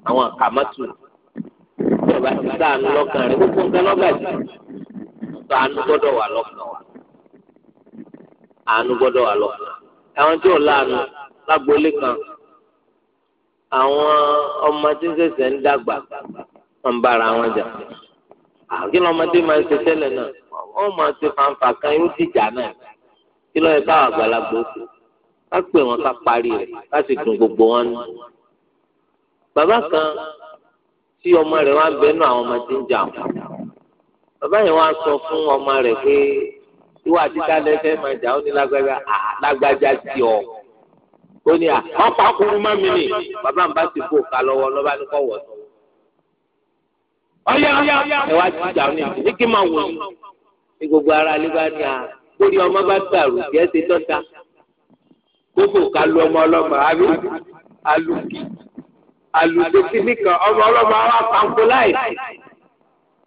àwọn àkàmọ́tù tí ọba ti sáà ń lọ́kàn rẹ̀ tó àánú gbọ́dọ̀ wà lọ́kàn wa àánú gbọ́dọ̀ wà lọ́kàn àwọn tí ò láàánú lágboolé kan àwọn ọmọ tí ń ṣẹ̀ṣẹ̀ ń dàgbà wọn ń bára wọn jà kí lọmọdé máa ń ṣe tẹ́lẹ̀ náà wọ́n máa ṣe fanfa kan yóò dìjà náà kí lọ́yẹ káwọn àgbàlagbà ó ká pè wọ́n ká parí rẹ̀ ká sì dùn gbogbo wọn nù. bàbá kan tí ọmọ rẹ̀ wá bẹ́ẹ̀ nù àwọn ọmọ tí ń jà wọn bàbá yẹn wá sọ fún ọmọ rẹ pé ìwà títà lẹsẹ máa jà ó ní lágbájá lágbájá ti ọ ó ní à wọn pa kúrú má mi nì bàbá mi bá ti bò ká lọ́wọ́ lọba ní kọ wọ sọ. ọyá ẹ wá ti jà ó ní ní kí n máa wò ó ní gbogbo ara ilé bá ní à lórí ọmọ bá gbàrú kí ẹ ṣe dọ́ta gbogbo ká lu ọmọ ọlọ́mọ àbí alùpì alùpì nìkan ọmọ ọlọ́mọ àwọn àpàǹkó láì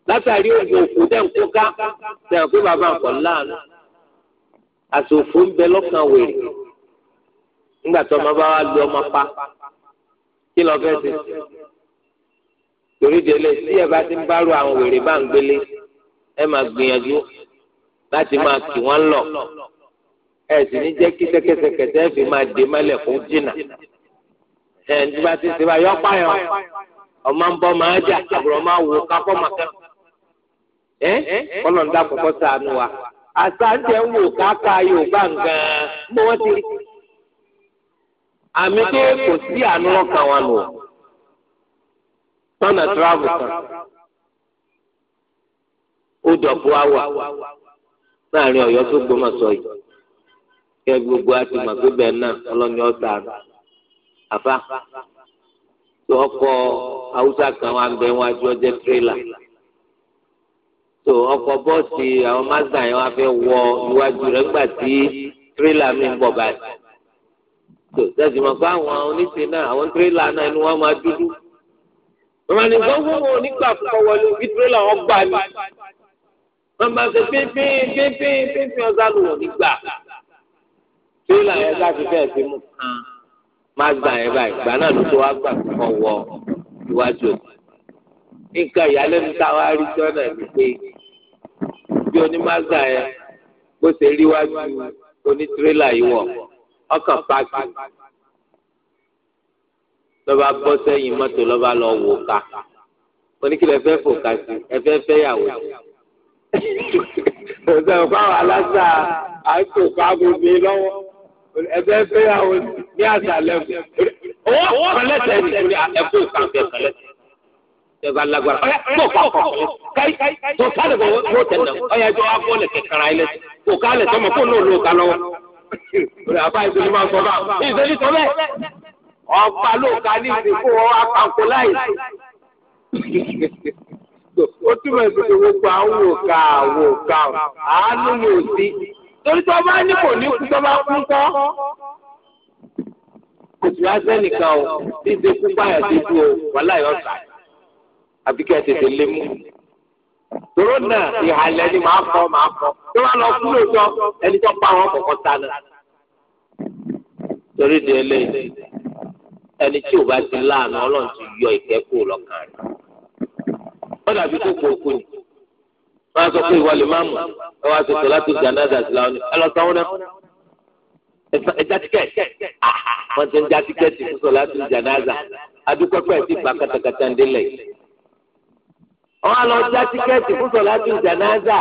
látàrí òjò òkú dẹ̀ ń kó ká sẹ́yìn pé bàbá nǹkan láàánú àsòfò ń bẹ lọ́kàn wèrè nígbà tó ọmọ bá wà lu ọmọ pa kí lọ fẹ́ ṣe torí délé tí ẹ bá ti ń bárò àwọn wèrè bá ń gbélé ẹ máa gbìyànjú láti máa kì wọ́n lọ ẹ sì ní jẹ́ kí sẹ́kẹsẹkẹsẹ fi máa dé mọ́lẹ̀ fún jìnnà ẹ ní bá ti ṣe bá yọ pààyàn ọmọ ń bọ́ máa jà àbúrò máa wò kápọ́ màkàn. ẹ kọlọ̀ ń dákọ̀kọ́ sànù wa àtàǹtẹ̀ ń wò káka yorùbá nǹkan mọ́ wọ́n ti àmì pé kò sí àánú ọkàn wa nù tọ́nà tíráàbù kan ó dọ̀bù wa ọ̀yọ́ tó gbọ́mọ̀ sọ yìí kẹ́ gbogbo àti màgbébẹ̀ náà ọlọ́ni ọ̀tá ọkọ̀ haúsá kan wà ń wájú ọjọ́ tó ọkọ̀ bọ́ọ̀sì àwọn mazda yẹn wá fẹ́ wọ iwájú rẹ̀ gbà tí tírélà mi ń bọ̀ báyìí tó sẹ́sì mọ̀ pé àwọn oníṣe náà àwọn tírélà náà inú wọn máa dúdú màmá ní wọ́n wọ́n wọn nígbà púpọ̀ wọlé òbí tírélà wọn gbà ní wọ́n máa ṣe pínpín pínpín pínpín ọ̀sán lò wọ́n nígbà tírélà yẹn bá ti fẹ́ẹ̀ ti mú kan mazda yẹn báyìí gbà náà ló tó wá gbà kọ́ wọ iwájú nǹkan bí onímọ̀ọ́sà yẹn bó ṣe rí wájú onítírélà yìí wọ̀ ọkàn páàkì lọ́ba gbọ́ sẹ́yìn mọ́tò lọ́ba lọ wò ká oníkìlẹ̀ fẹ́ fòkà sí ẹfẹ́ fẹ́yàwó ọ̀sẹ̀ òfáwọn aláṣà àìsàn fáàbù mi lọ́wọ́ ẹfẹ́ fẹ́yàwó ní àṣà lẹ́fù owó kọ́lẹ́tẹ̀ ẹ̀fọ́ ìkàǹfẹ̀ kọ́lẹ́tẹ̀ tẹ́gbà lágbára ọ̀yà tó kọ́ káyí tó kálẹ̀ kó wọ́n tẹ̀lé ọ̀yà ìjọ wa bọ́ọ̀lù kẹkẹrẹ ayẹlẹ kó kálẹ̀ tọmọ kó náà ló ka lọ́wọ́ rẹ̀ àbá ìdílé máa ń sọ báà ìdílé sọ bẹ́ẹ̀ ọba ló ka ní ìdí kó wọ́n wá pàǹkó láì ó túmọ̀ ìdílé gbogbo àwọn òkà àwọn òkà àánú ni ò sí torí tó bá ní kò ní kú tó bá kú kọ́ kò sí wá sẹ́nìkan o bí ìdí kú báyà dúdú o wàhálà yọ̀ sàn àbí kẹ́ ẹ tètè lé mú. Tòró náà ìhàlẹ̀ ni màá kọ́ màá kọ́. Tó bá lọ kú lóòótọ́ ẹni tó pa àwọn kọ̀ọ̀kan ta náà. Torí di eléyìí, ẹni tí ò bá ti láàánú ọlọ́run ti yọ ìkẹ́kọ̀ọ́ lọ́kàn rẹ̀. Wọ́n dàbí tó kú òkú ni. Wọ́n á sọ pé ìwọlé máa mú. Ẹ wá sọ sọ̀látù jánásà sí láwọn Ẹ lọ sanwó náà. Ẹ já tíkẹ́ẹ̀tì. Wọ́n ti ń já tíkẹ́ẹ̀tì fún sọ̀látù jánásà. Adúpẹ́pẹ́ ti gbà kátàkátà ń délẹ̀ yìí wọn á lọ já tíkẹ́ẹ̀tì fún sọ̀lájú jànáza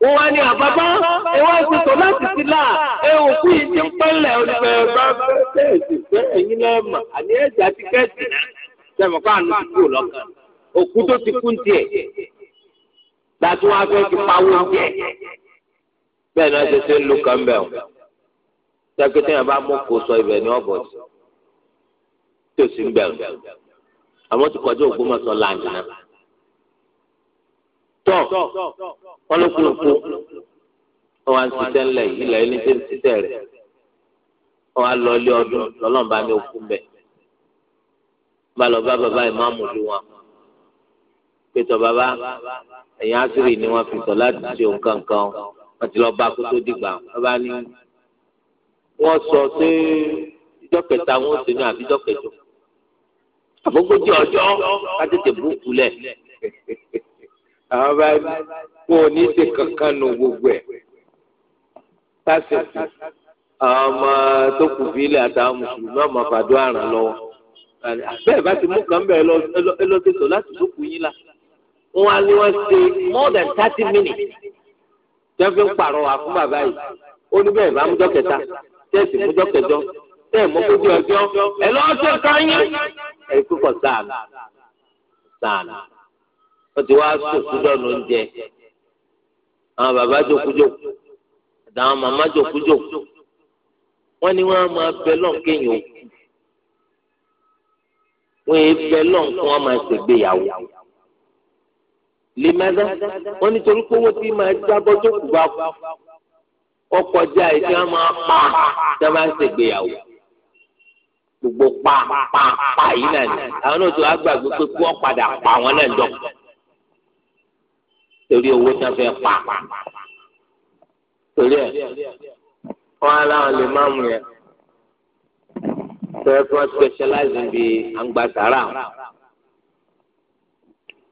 wọn wá ní àbábá ẹ wá sí sọ láti ti là ẹ ò kú yìí ti ń pẹ́lẹ̀ olùfẹ́ bá tíkẹ́ẹ̀tì fẹ́ ẹ̀yin náà mà àní ẹ̀ já tíkẹ́ẹ̀tì náà sẹ́mi kó àánú ti kú lọ́kàn òkú tó ti kú tiẹ̀ dájú wọn fẹ́ ti pawó tiẹ̀ bẹ́ẹ̀ náà ṣe ṣe ń lu kàn o sẹ́kítẹ́ yẹn bá mú kó sọ ibẹ̀ ní ọ̀bọ̀ tí ò ń bẹ̀rù àmọ́ ti kọjú Ògbómọ̀ṣọ́ láǹdì náà tọ̀ wọ́n ló kú lóko wọ́n wá ń ṣiṣẹ́ ńlẹ̀ yìí ilẹ̀ ilé tí ń ṣiṣẹ́ rẹ̀ wọ́n wá lọ ilé ọdún lọ́lọ́mbà ní òkú mbẹ́ bá lọ bá bàbá ìmáàmù lù wọn pétọ bàbá ẹ̀yìn àṣírí ni wọ́n fi sọ láti ṣe nǹkan kan wọ́n ti lọ bá kó tó dìgbà bàbá ní wọ́n sọ pé ìjọ kẹta wọn ò sí ní àbíjọ kẹjọ àbókòjì ọjọ́ ká tètè bú kulẹ̀ àwọn bá wọn ò ní ṣe kankan nu gbogbo ẹ̀ tásìkò àwọn ọmọ tó kù fi ilé àtàwọn mùsùlùmí ọmọ fàdó àràn lọ́wọ́ bẹ́ẹ̀ bá ti mú kàn bẹ́ẹ̀ lọsẹsọ láti tó kù yín la wọn á ní wọn ṣe more than thirty minutes jẹ́fẹ́ ń pààrọ̀ wà fún bàbá yìí ó ní bẹ́ẹ̀ bá mú dọ́kẹ̀ta tẹ́sì mú dọ́kẹ̀jọ́ tẹ́ẹ̀ mú kójú ọjọ́ ẹ lọ́ọ́ ṣe ká yín ẹ̀ kúkọ̀ sáà sáà wọ́n ti wá sòkú dọ̀nù oúnjẹ àwọn bàbá jòkújòkú àtàwọn màmá jòkújòkú wọ́n ní wọ́n á máa bẹ lọ́n kéèyàn òkú wọ́n yé bẹ lọ́n kí wọ́n máa ṣègbéyàwó lèmẹ́dá wọ́n nítorí kówó tí máa jábọ́ jòkú bá kú ọkọ̀ jẹ́ àìsí wọn máa pa tí wọ́n ṣègbéyàwó gbogbo pa pa pa yìí náà ni àwọn náà tó agbàgbé pé kí wọ́n padà pa wọn náà dọ̀kọ̀ torí owó tí wọ́n fẹ́ pa torí ẹ̀ wọ́n á láwọn lè má mú yẹn fẹ́ fún specialize bí àgbàsára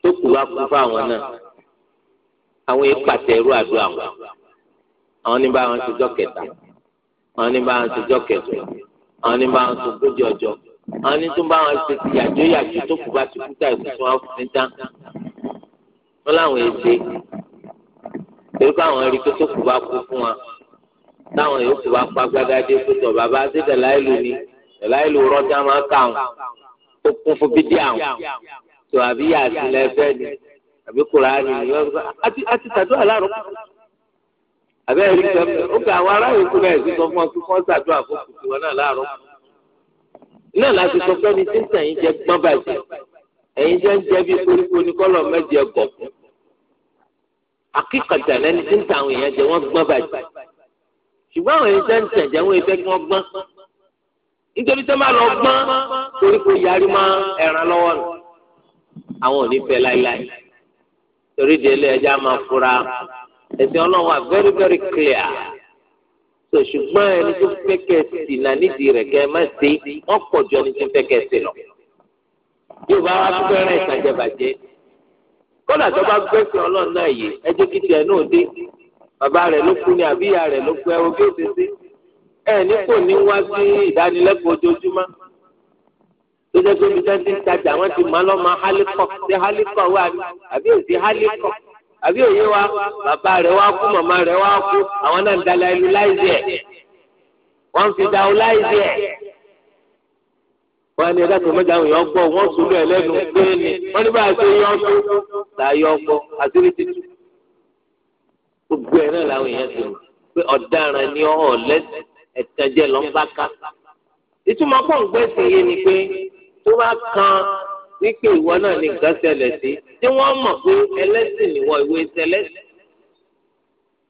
tó kù bá kú fáwọn náà àwọn ìpàtẹ irú àdúrà wọn àwọn ní báwọn ti jọ kẹta àwọn ní báwọn ti jọ kẹsàn àwọn ní báwọn ti gbójú ọjọ́ àwọn ní tún báwọn ti yàjó yàjó tó kù bá ti kú táìkú tí wọ́n fi ń tán wọn láwọn èdè torí pé àwọn ẹrí pé tó kù bá kú fún wa táwọn yòókù bá pa gbàgádé pé tọ bàbá sí dàláìlú ni dàláìlú rọjá máa kà wọn tó kún fún bídí àwọn tó àbí yàtìlẹ fẹ ni àbí kùránì ni wọn bá àti àti tàdúrà láàrú àbẹ ẹrí pé ó gba àwọn ará yòókù náà sí sọ fún ọ kí wọn ṣàdúrà fún kùtù wọn náà láàrú náà láti sọ pé ní tí ń tàn yín jẹ gbọ́n bàjẹ́ ẹ̀yin jẹ́ ń jẹ́ bí koríko ní kọ́lọ̀ mẹ́jẹ gọ̀kún akíkàtà lẹ́ni tí ń ta àwọn èèyàn jẹ wọ́n gbọ́n bàjẹ́ ṣùgbọ́n àwọn èèyàn jẹ́ ń tẹ̀jẹ́ wọ́n fẹ́ kí wọ́n gbọ́n nítorí tó máa lọ gbọ́n koríko yarí máa ẹ̀ràn lọ́wọ́ nù àwọn ò ní fẹ́ láíláí torí délé ẹja máa fura ẹ̀sìn ọlọ́run wa very very clear so ṣùgbọ́n ẹni tó fẹ́ kẹ́ ẹ̀ sì nà nídìí rẹ̀ kẹ́ ẹ má ṣe wọ́n pọ̀ ju ẹni tó fẹ́ kẹ́ ẹ sì lọ yóò bá wá tún fẹ́ràn ìtàjẹ̀bàjẹ́ kọ́lá tó bá gbẹ́sìn ọlọ́run náà yìí ẹ jẹ́ kí tiẹ̀ náà dé bàbá rẹ̀ ló kú ni àbí ìyá rẹ̀ ló kú ẹ wo bí ó ti ṣe ẹ ní kò ní wá sí ìdánilẹ́kọ̀ọ́ ojoojúmọ́ tó jẹ́ pé bíjá ti ń tajà wọ́n ti máa lọ́mọ hálíkọ̀ ṣé hálíkọ̀ wà ní àbí òsì hálíkọ̀ àbí òye wa bàbá rẹ̀ wá kú màmá rẹ̀ wá kú àwọn náà ń dalẹ̀ ìlú láìsí ẹ̀ wọ́n fi da ọ láìsí ẹ̀ wọn ni ẹ̀dá tó mẹ́ta àwọn èèyàn gbọ́ wọn sùn lọ ẹlẹnu gbẹẹni wọn ní báyìí ṣe yọ ọdún là yọ ọgbọ àṣírí títù gbogbo ẹ náà làwọn èèyàn ti mọ̀ pé ọ̀daràn ni ọ lẹsẹ ẹtẹjẹ lọ ń bá ká ìtumọ̀ pọ̀ ń gbẹ́sẹ̀ yé ni pé tó bá kan wípé ìwọ náà ní nǹkan ṣẹlẹ̀ sí tí wọ́n mọ̀ pé ẹlẹ́sìn ìwọ ìwé ṣẹlẹ́sìn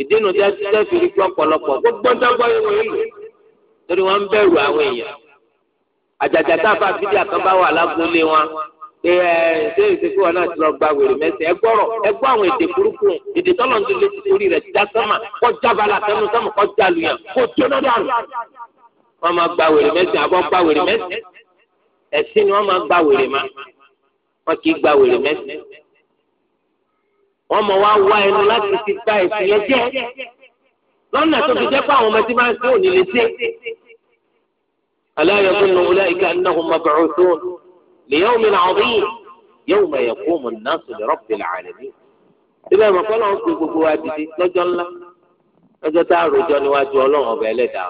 ìdínú tẹ́tẹ́ fi rí pé ọ̀pọ̀lọpọ̀ gbogbo ń dágbọ́ yẹn wọ̀nyí lò torí wọ́n ń bẹ̀rù àwọn èèyàn àjàjà táàbà fídíò àkànbá wà lágboolé wọn pé ẹ ṣé ìṣèkú wọn náà ti lọ gba wèrè mẹsẹ ẹ gbọ́rọ̀ ẹ gbọ́ àwọn èdè burúkú èdè tọ́lọ̀ ń dúró lórí rẹ̀ já sọ́mà kọjá bala tẹnu sọ́mà kọjá lùyàn kò jóná dànù wọ́n máa gba wèrè mẹsẹ àbọ̀ gba wèrè mẹsẹ ẹ̀sìn ni wọ́n máa gba wèrè má wọ́n kì í gba wèrè mẹsẹ wọ́n mọ̀ wá wá ẹnu láti fi gba ẹ̀sìn yẹn jẹ́ lọ́nà tó fi jẹ́ pé àwọn ọmọ tí máa ń sí òní lè ṣe. aláyọ̀ fún un wọlé ike anáhùn máa bẹ̀rù tó lèyàn mi náà rí yóò máa yẹ kó mọ̀ náà sọ̀rọ̀ rọ́pì làálẹ̀ mi. síbẹ̀ mọ̀ kọ́ lọ́n fi gbogbo wa dìde lọ́jọ́ ńlá lọ́jọ́ tá a rojọ́ níwájú ọlọ́run ọba ẹlẹ́dàá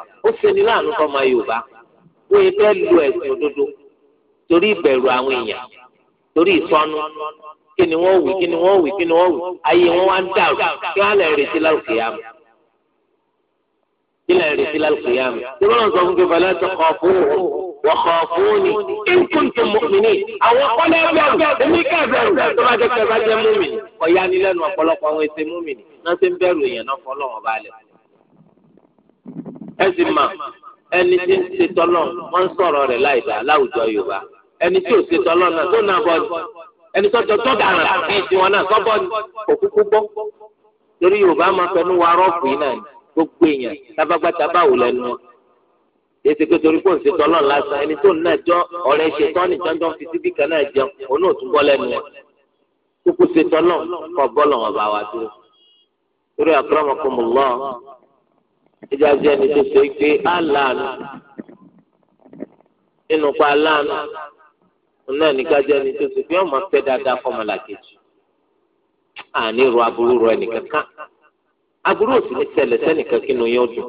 ó kí ni wọ́n wí kí ni wọ́n wí kí ni wọ́n wí ayé wọn wá ń dàrú kí wọ́n lè retí lálùkè yá mi kí lè retí lálùkè yá mi. tí wọ́n sọ fún kẹfà láti kọ̀ fún òun wọ́n kọ̀ fún òun ni nǹkan tó mọ̀ mí ní. àwọn kọ́lẹ́ bẹ̀rù èmi ká bẹ̀rù tó bá jẹ́ kẹ́ bá jẹ́ mú mi ọ̀ya ni lẹ́nu ọ̀pọ̀lọpọ̀ àwọn èsè mú mi náà ṣe ń bẹ̀rù èèyàn náà fọ́ ẹni tó jọ tó dàrán ní ìdíwọ̀n náà sọ́bọ̀ ni òkúkú gbọ́ torí yorùbá máa fẹnu wa rọ́ọ̀fù yìí náà gbogbo èèyàn tábàgbàtà báwò lẹ́nu wọn ètò ìpè torí kò ń ṣetán lọ́n lásán ẹni tó náà jọ ọ̀rẹ́ ṣetán ní jọ́njọ́ fi síbí kan náà jẹun òun náà tún bọ́ lẹ́nu wọn kúkú ṣetán náà kọ́ bọ́ọ̀lù wọn bá wa dúró torí àkọ́rọ́mọkùnmùlọ́ ìjà jẹ́ ẹni tó ṣe é pé á òun náà ní gájẹ ni tó ti fi ọmọ pẹ dáadáa fọmọlà kejì àní ro aburú rọ ẹnìkan kan aburú òsì ní ṣẹlẹ̀ sẹ́nìkan kínú yóò dùn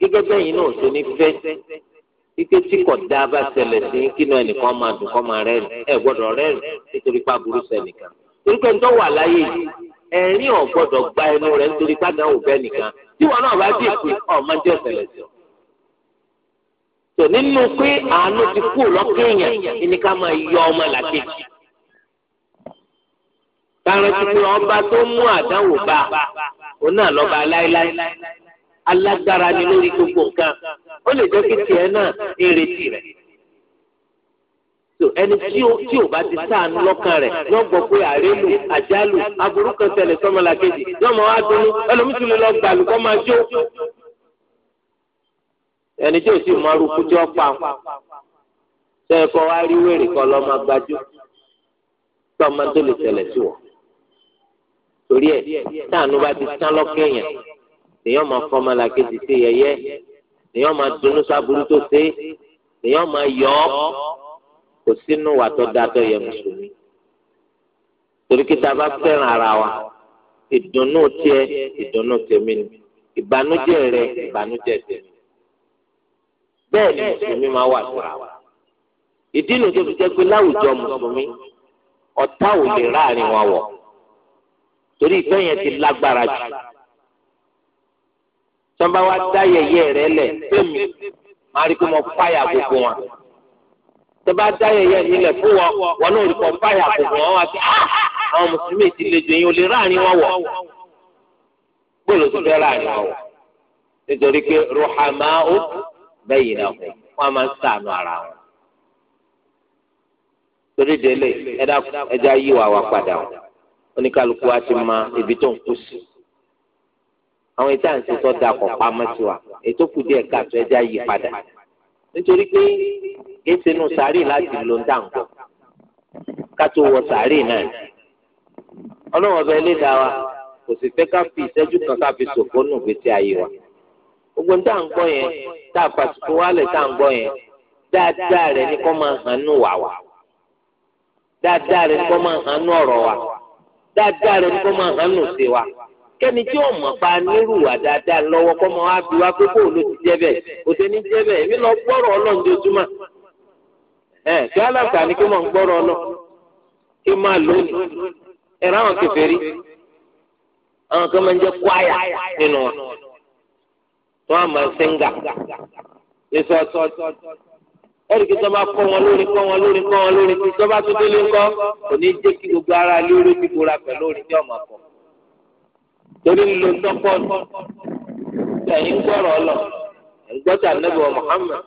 gẹ́gẹ́ bẹyìn náà ṣe ní fẹ́ ike tí kò dáa bá ṣẹlẹ̀ sí kínú ẹnìkan máa dùn kọ máa rẹ́rìn ẹ gbọ́dọ̀ rẹ́rìn nítorí pé aburú sẹ́nìkan torí pé ń wà láyé yìí ẹ̀rín ò gba ẹnu rẹ̀ nítorí pé àdáwò bẹ́ẹ̀ nìkan tí wọn náà bá dì tò nínú pé àánú ti kú lọ́kàn èèyàn ní ká máa yọ ọmọ làkejì kárẹ́ ti pé ọba tó mú àdánwò bá òun náà lọ́ba láéláé alágbára ni lórí gbogbo nǹkan ó lè jẹ́ kí tiẹ̀ náà èrè tirẹ̀ ẹni tí o tí o bá ti sáànù lọ́kàn rẹ̀ yóò gbọ́ pé àrélu àjálù aburú kan ṣẹlẹ̀ sọ́mọlàkejì yóò mọ̀ wá dunu ẹlòmítúlẹ̀ lọ gbàlù kọ́ máa jó ẹni tí ò sì mọ arúgbó tí ó pa ń tẹ ẹ kọ wá rí wèrè kọ lọ máa gbájú tí ọmọ tó lè tẹlẹ sí wọ torí ẹ táànù bá ti tán lọ́kẹ́ yẹn èèyàn máa fọ́ ọmọ làkejì sí yẹyẹ èèyàn máa dunnú sábúrú tó ṣe èèyàn máa yọ ọ kò sínú wà tó da tó yẹ mùsùlùmí torí kí tá a bá fẹ́ràn ara wa ìdùnnú tiẹ̀ ìdùnnú tèmi ni ìbànújẹ́ rẹ ìbànújẹ́ tèmi bẹ́ẹ̀ ni mùsùlùmí máa wà síra ìdí nu tó fi jẹ́ pé láwùjọ mùsùlùmí ọ̀tá ò lè ráàrin wọn wọ̀ torí ìfẹ́ yẹn ti lágbára jù sọ́nba wa dá yẹ̀yẹ́ rẹ lẹ̀ fẹ́mi máa rí pé mo fáyà gbogbo wọn tọ́ba dá yẹ̀yẹ́ mi lẹ̀ fún wọn wọn náà rí fáyà gbogbo wọn wá sí ah, ah, àwọn mùsùlùmí ti lè jọ yín ò lè ráàrin wọn wọ̀ bóòlù ti fẹ́ ráàrin wọn wọ̀ nítorí pé ruhamau bẹ́yìn náà kù wọ́n máa ń sànù ara wọn. torí délé ẹja yí wa wá padà o oníkálukú wa ti ma ibi tó ń kú sí. àwọn ìta ń sèso da kọ̀ pamọ́ sí wa ètò kù díẹ̀ káàtó ẹja yí padà. nítorí pé èsì inú sàárì láti lo ń dáǹkọ kátó wọ sàárì náà ọlọ́wọ́n bẹ́ẹ̀ lé da wa kò sì fẹ́ ká fi ìṣẹ́jú kan ká fi ṣòfò nù gbèsè ayé wa gbogbo ní tá à ń gbọ́ yẹn tá a fàtútù wálẹ̀ tá à ń gbọ́ yẹn dáadáa rẹ̀ ni kó máa hàn nù wà wà dáadáa rẹ̀ ní kó máa hàn ọ̀rọ̀ wa dáadáa rẹ̀ ní kó máa hàn sí wa kẹ́ni tí ò mọ̀ pa nírùwà dáadáa lọ́wọ́ kọ́ mọ́ wá bí wá pé kó o ló ti jẹ́ bẹ́ẹ̀ kò sí ní jẹ́ bẹ́ẹ̀ èmi lọ gbọ́rọ̀ ọlọ́run dojúmọ́ kí alága ni kí mọ̀ ń gbọ́rọ̀ ọlọ́ kí máa lónìí ẹ̀rọ àwọn kẹfẹ́ rí àwọn kan máa ń jẹ́ kwaya nínú wọn wọn àmọ́ sẹ́ńgà èso ọ̀tọ̀ ẹ̀ríkì tó bá kọ́ wọn lórí kọ́ wọn lórí kọ́ wọn lórí tí tó bá tó délé ńkọ́ kò ní jẹ́ kí gbogbo ara lórí fífura pẹ̀lú orin tí ọmọ kọ. torí lílo tọ́pọ̀ ẹ̀yin gbọ́rọ̀ ọlọ ẹ̀gbọ́tà nẹ́bí wa Muhammad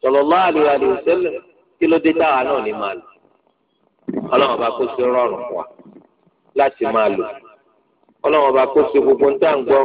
sallallahu alaihi wa sallam kí ló dé táwa náà ní máa lò ọlọ́run ọba kó ṣe rọrùn wa láti máa lò ọlọ́run kó ṣe gbogbo ń tà ń gbọ́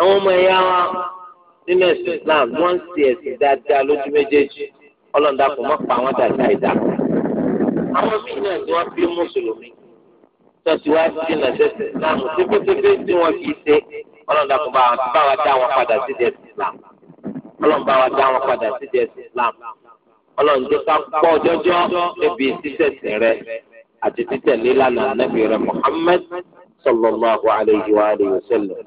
àwọn ọmọ ẹ̀yà wa nínú ẹ̀sìn Islam wọ́n ń ṣe ẹ̀sìn dáadáa lójú méjèèjì ọlọ́ọ̀dà kò má pa àwọn dàda ìdá. àwọn míì náà ni wọ́n fi mùsùlùmí tọ́sí wá sí ìlànà ẹ̀sìn Islam tẹ́fẹ́tẹ́fẹ́ tí wọ́n fi ṣe ọlọ́ọ̀dà kò bá wa dá wọn padà sí ẹ̀sìn Islam ọlọ́ọ̀dà wa dá wọn padà sí ẹ̀sìn Islam ọlọ́ọ̀dà ká pọ̀ jọjọ́ níbi títẹ̀sìn rẹ àti títẹ̀lé lánàá nàbì rẹ Muhammad sallallahu alayhi wa alihi wa sallam.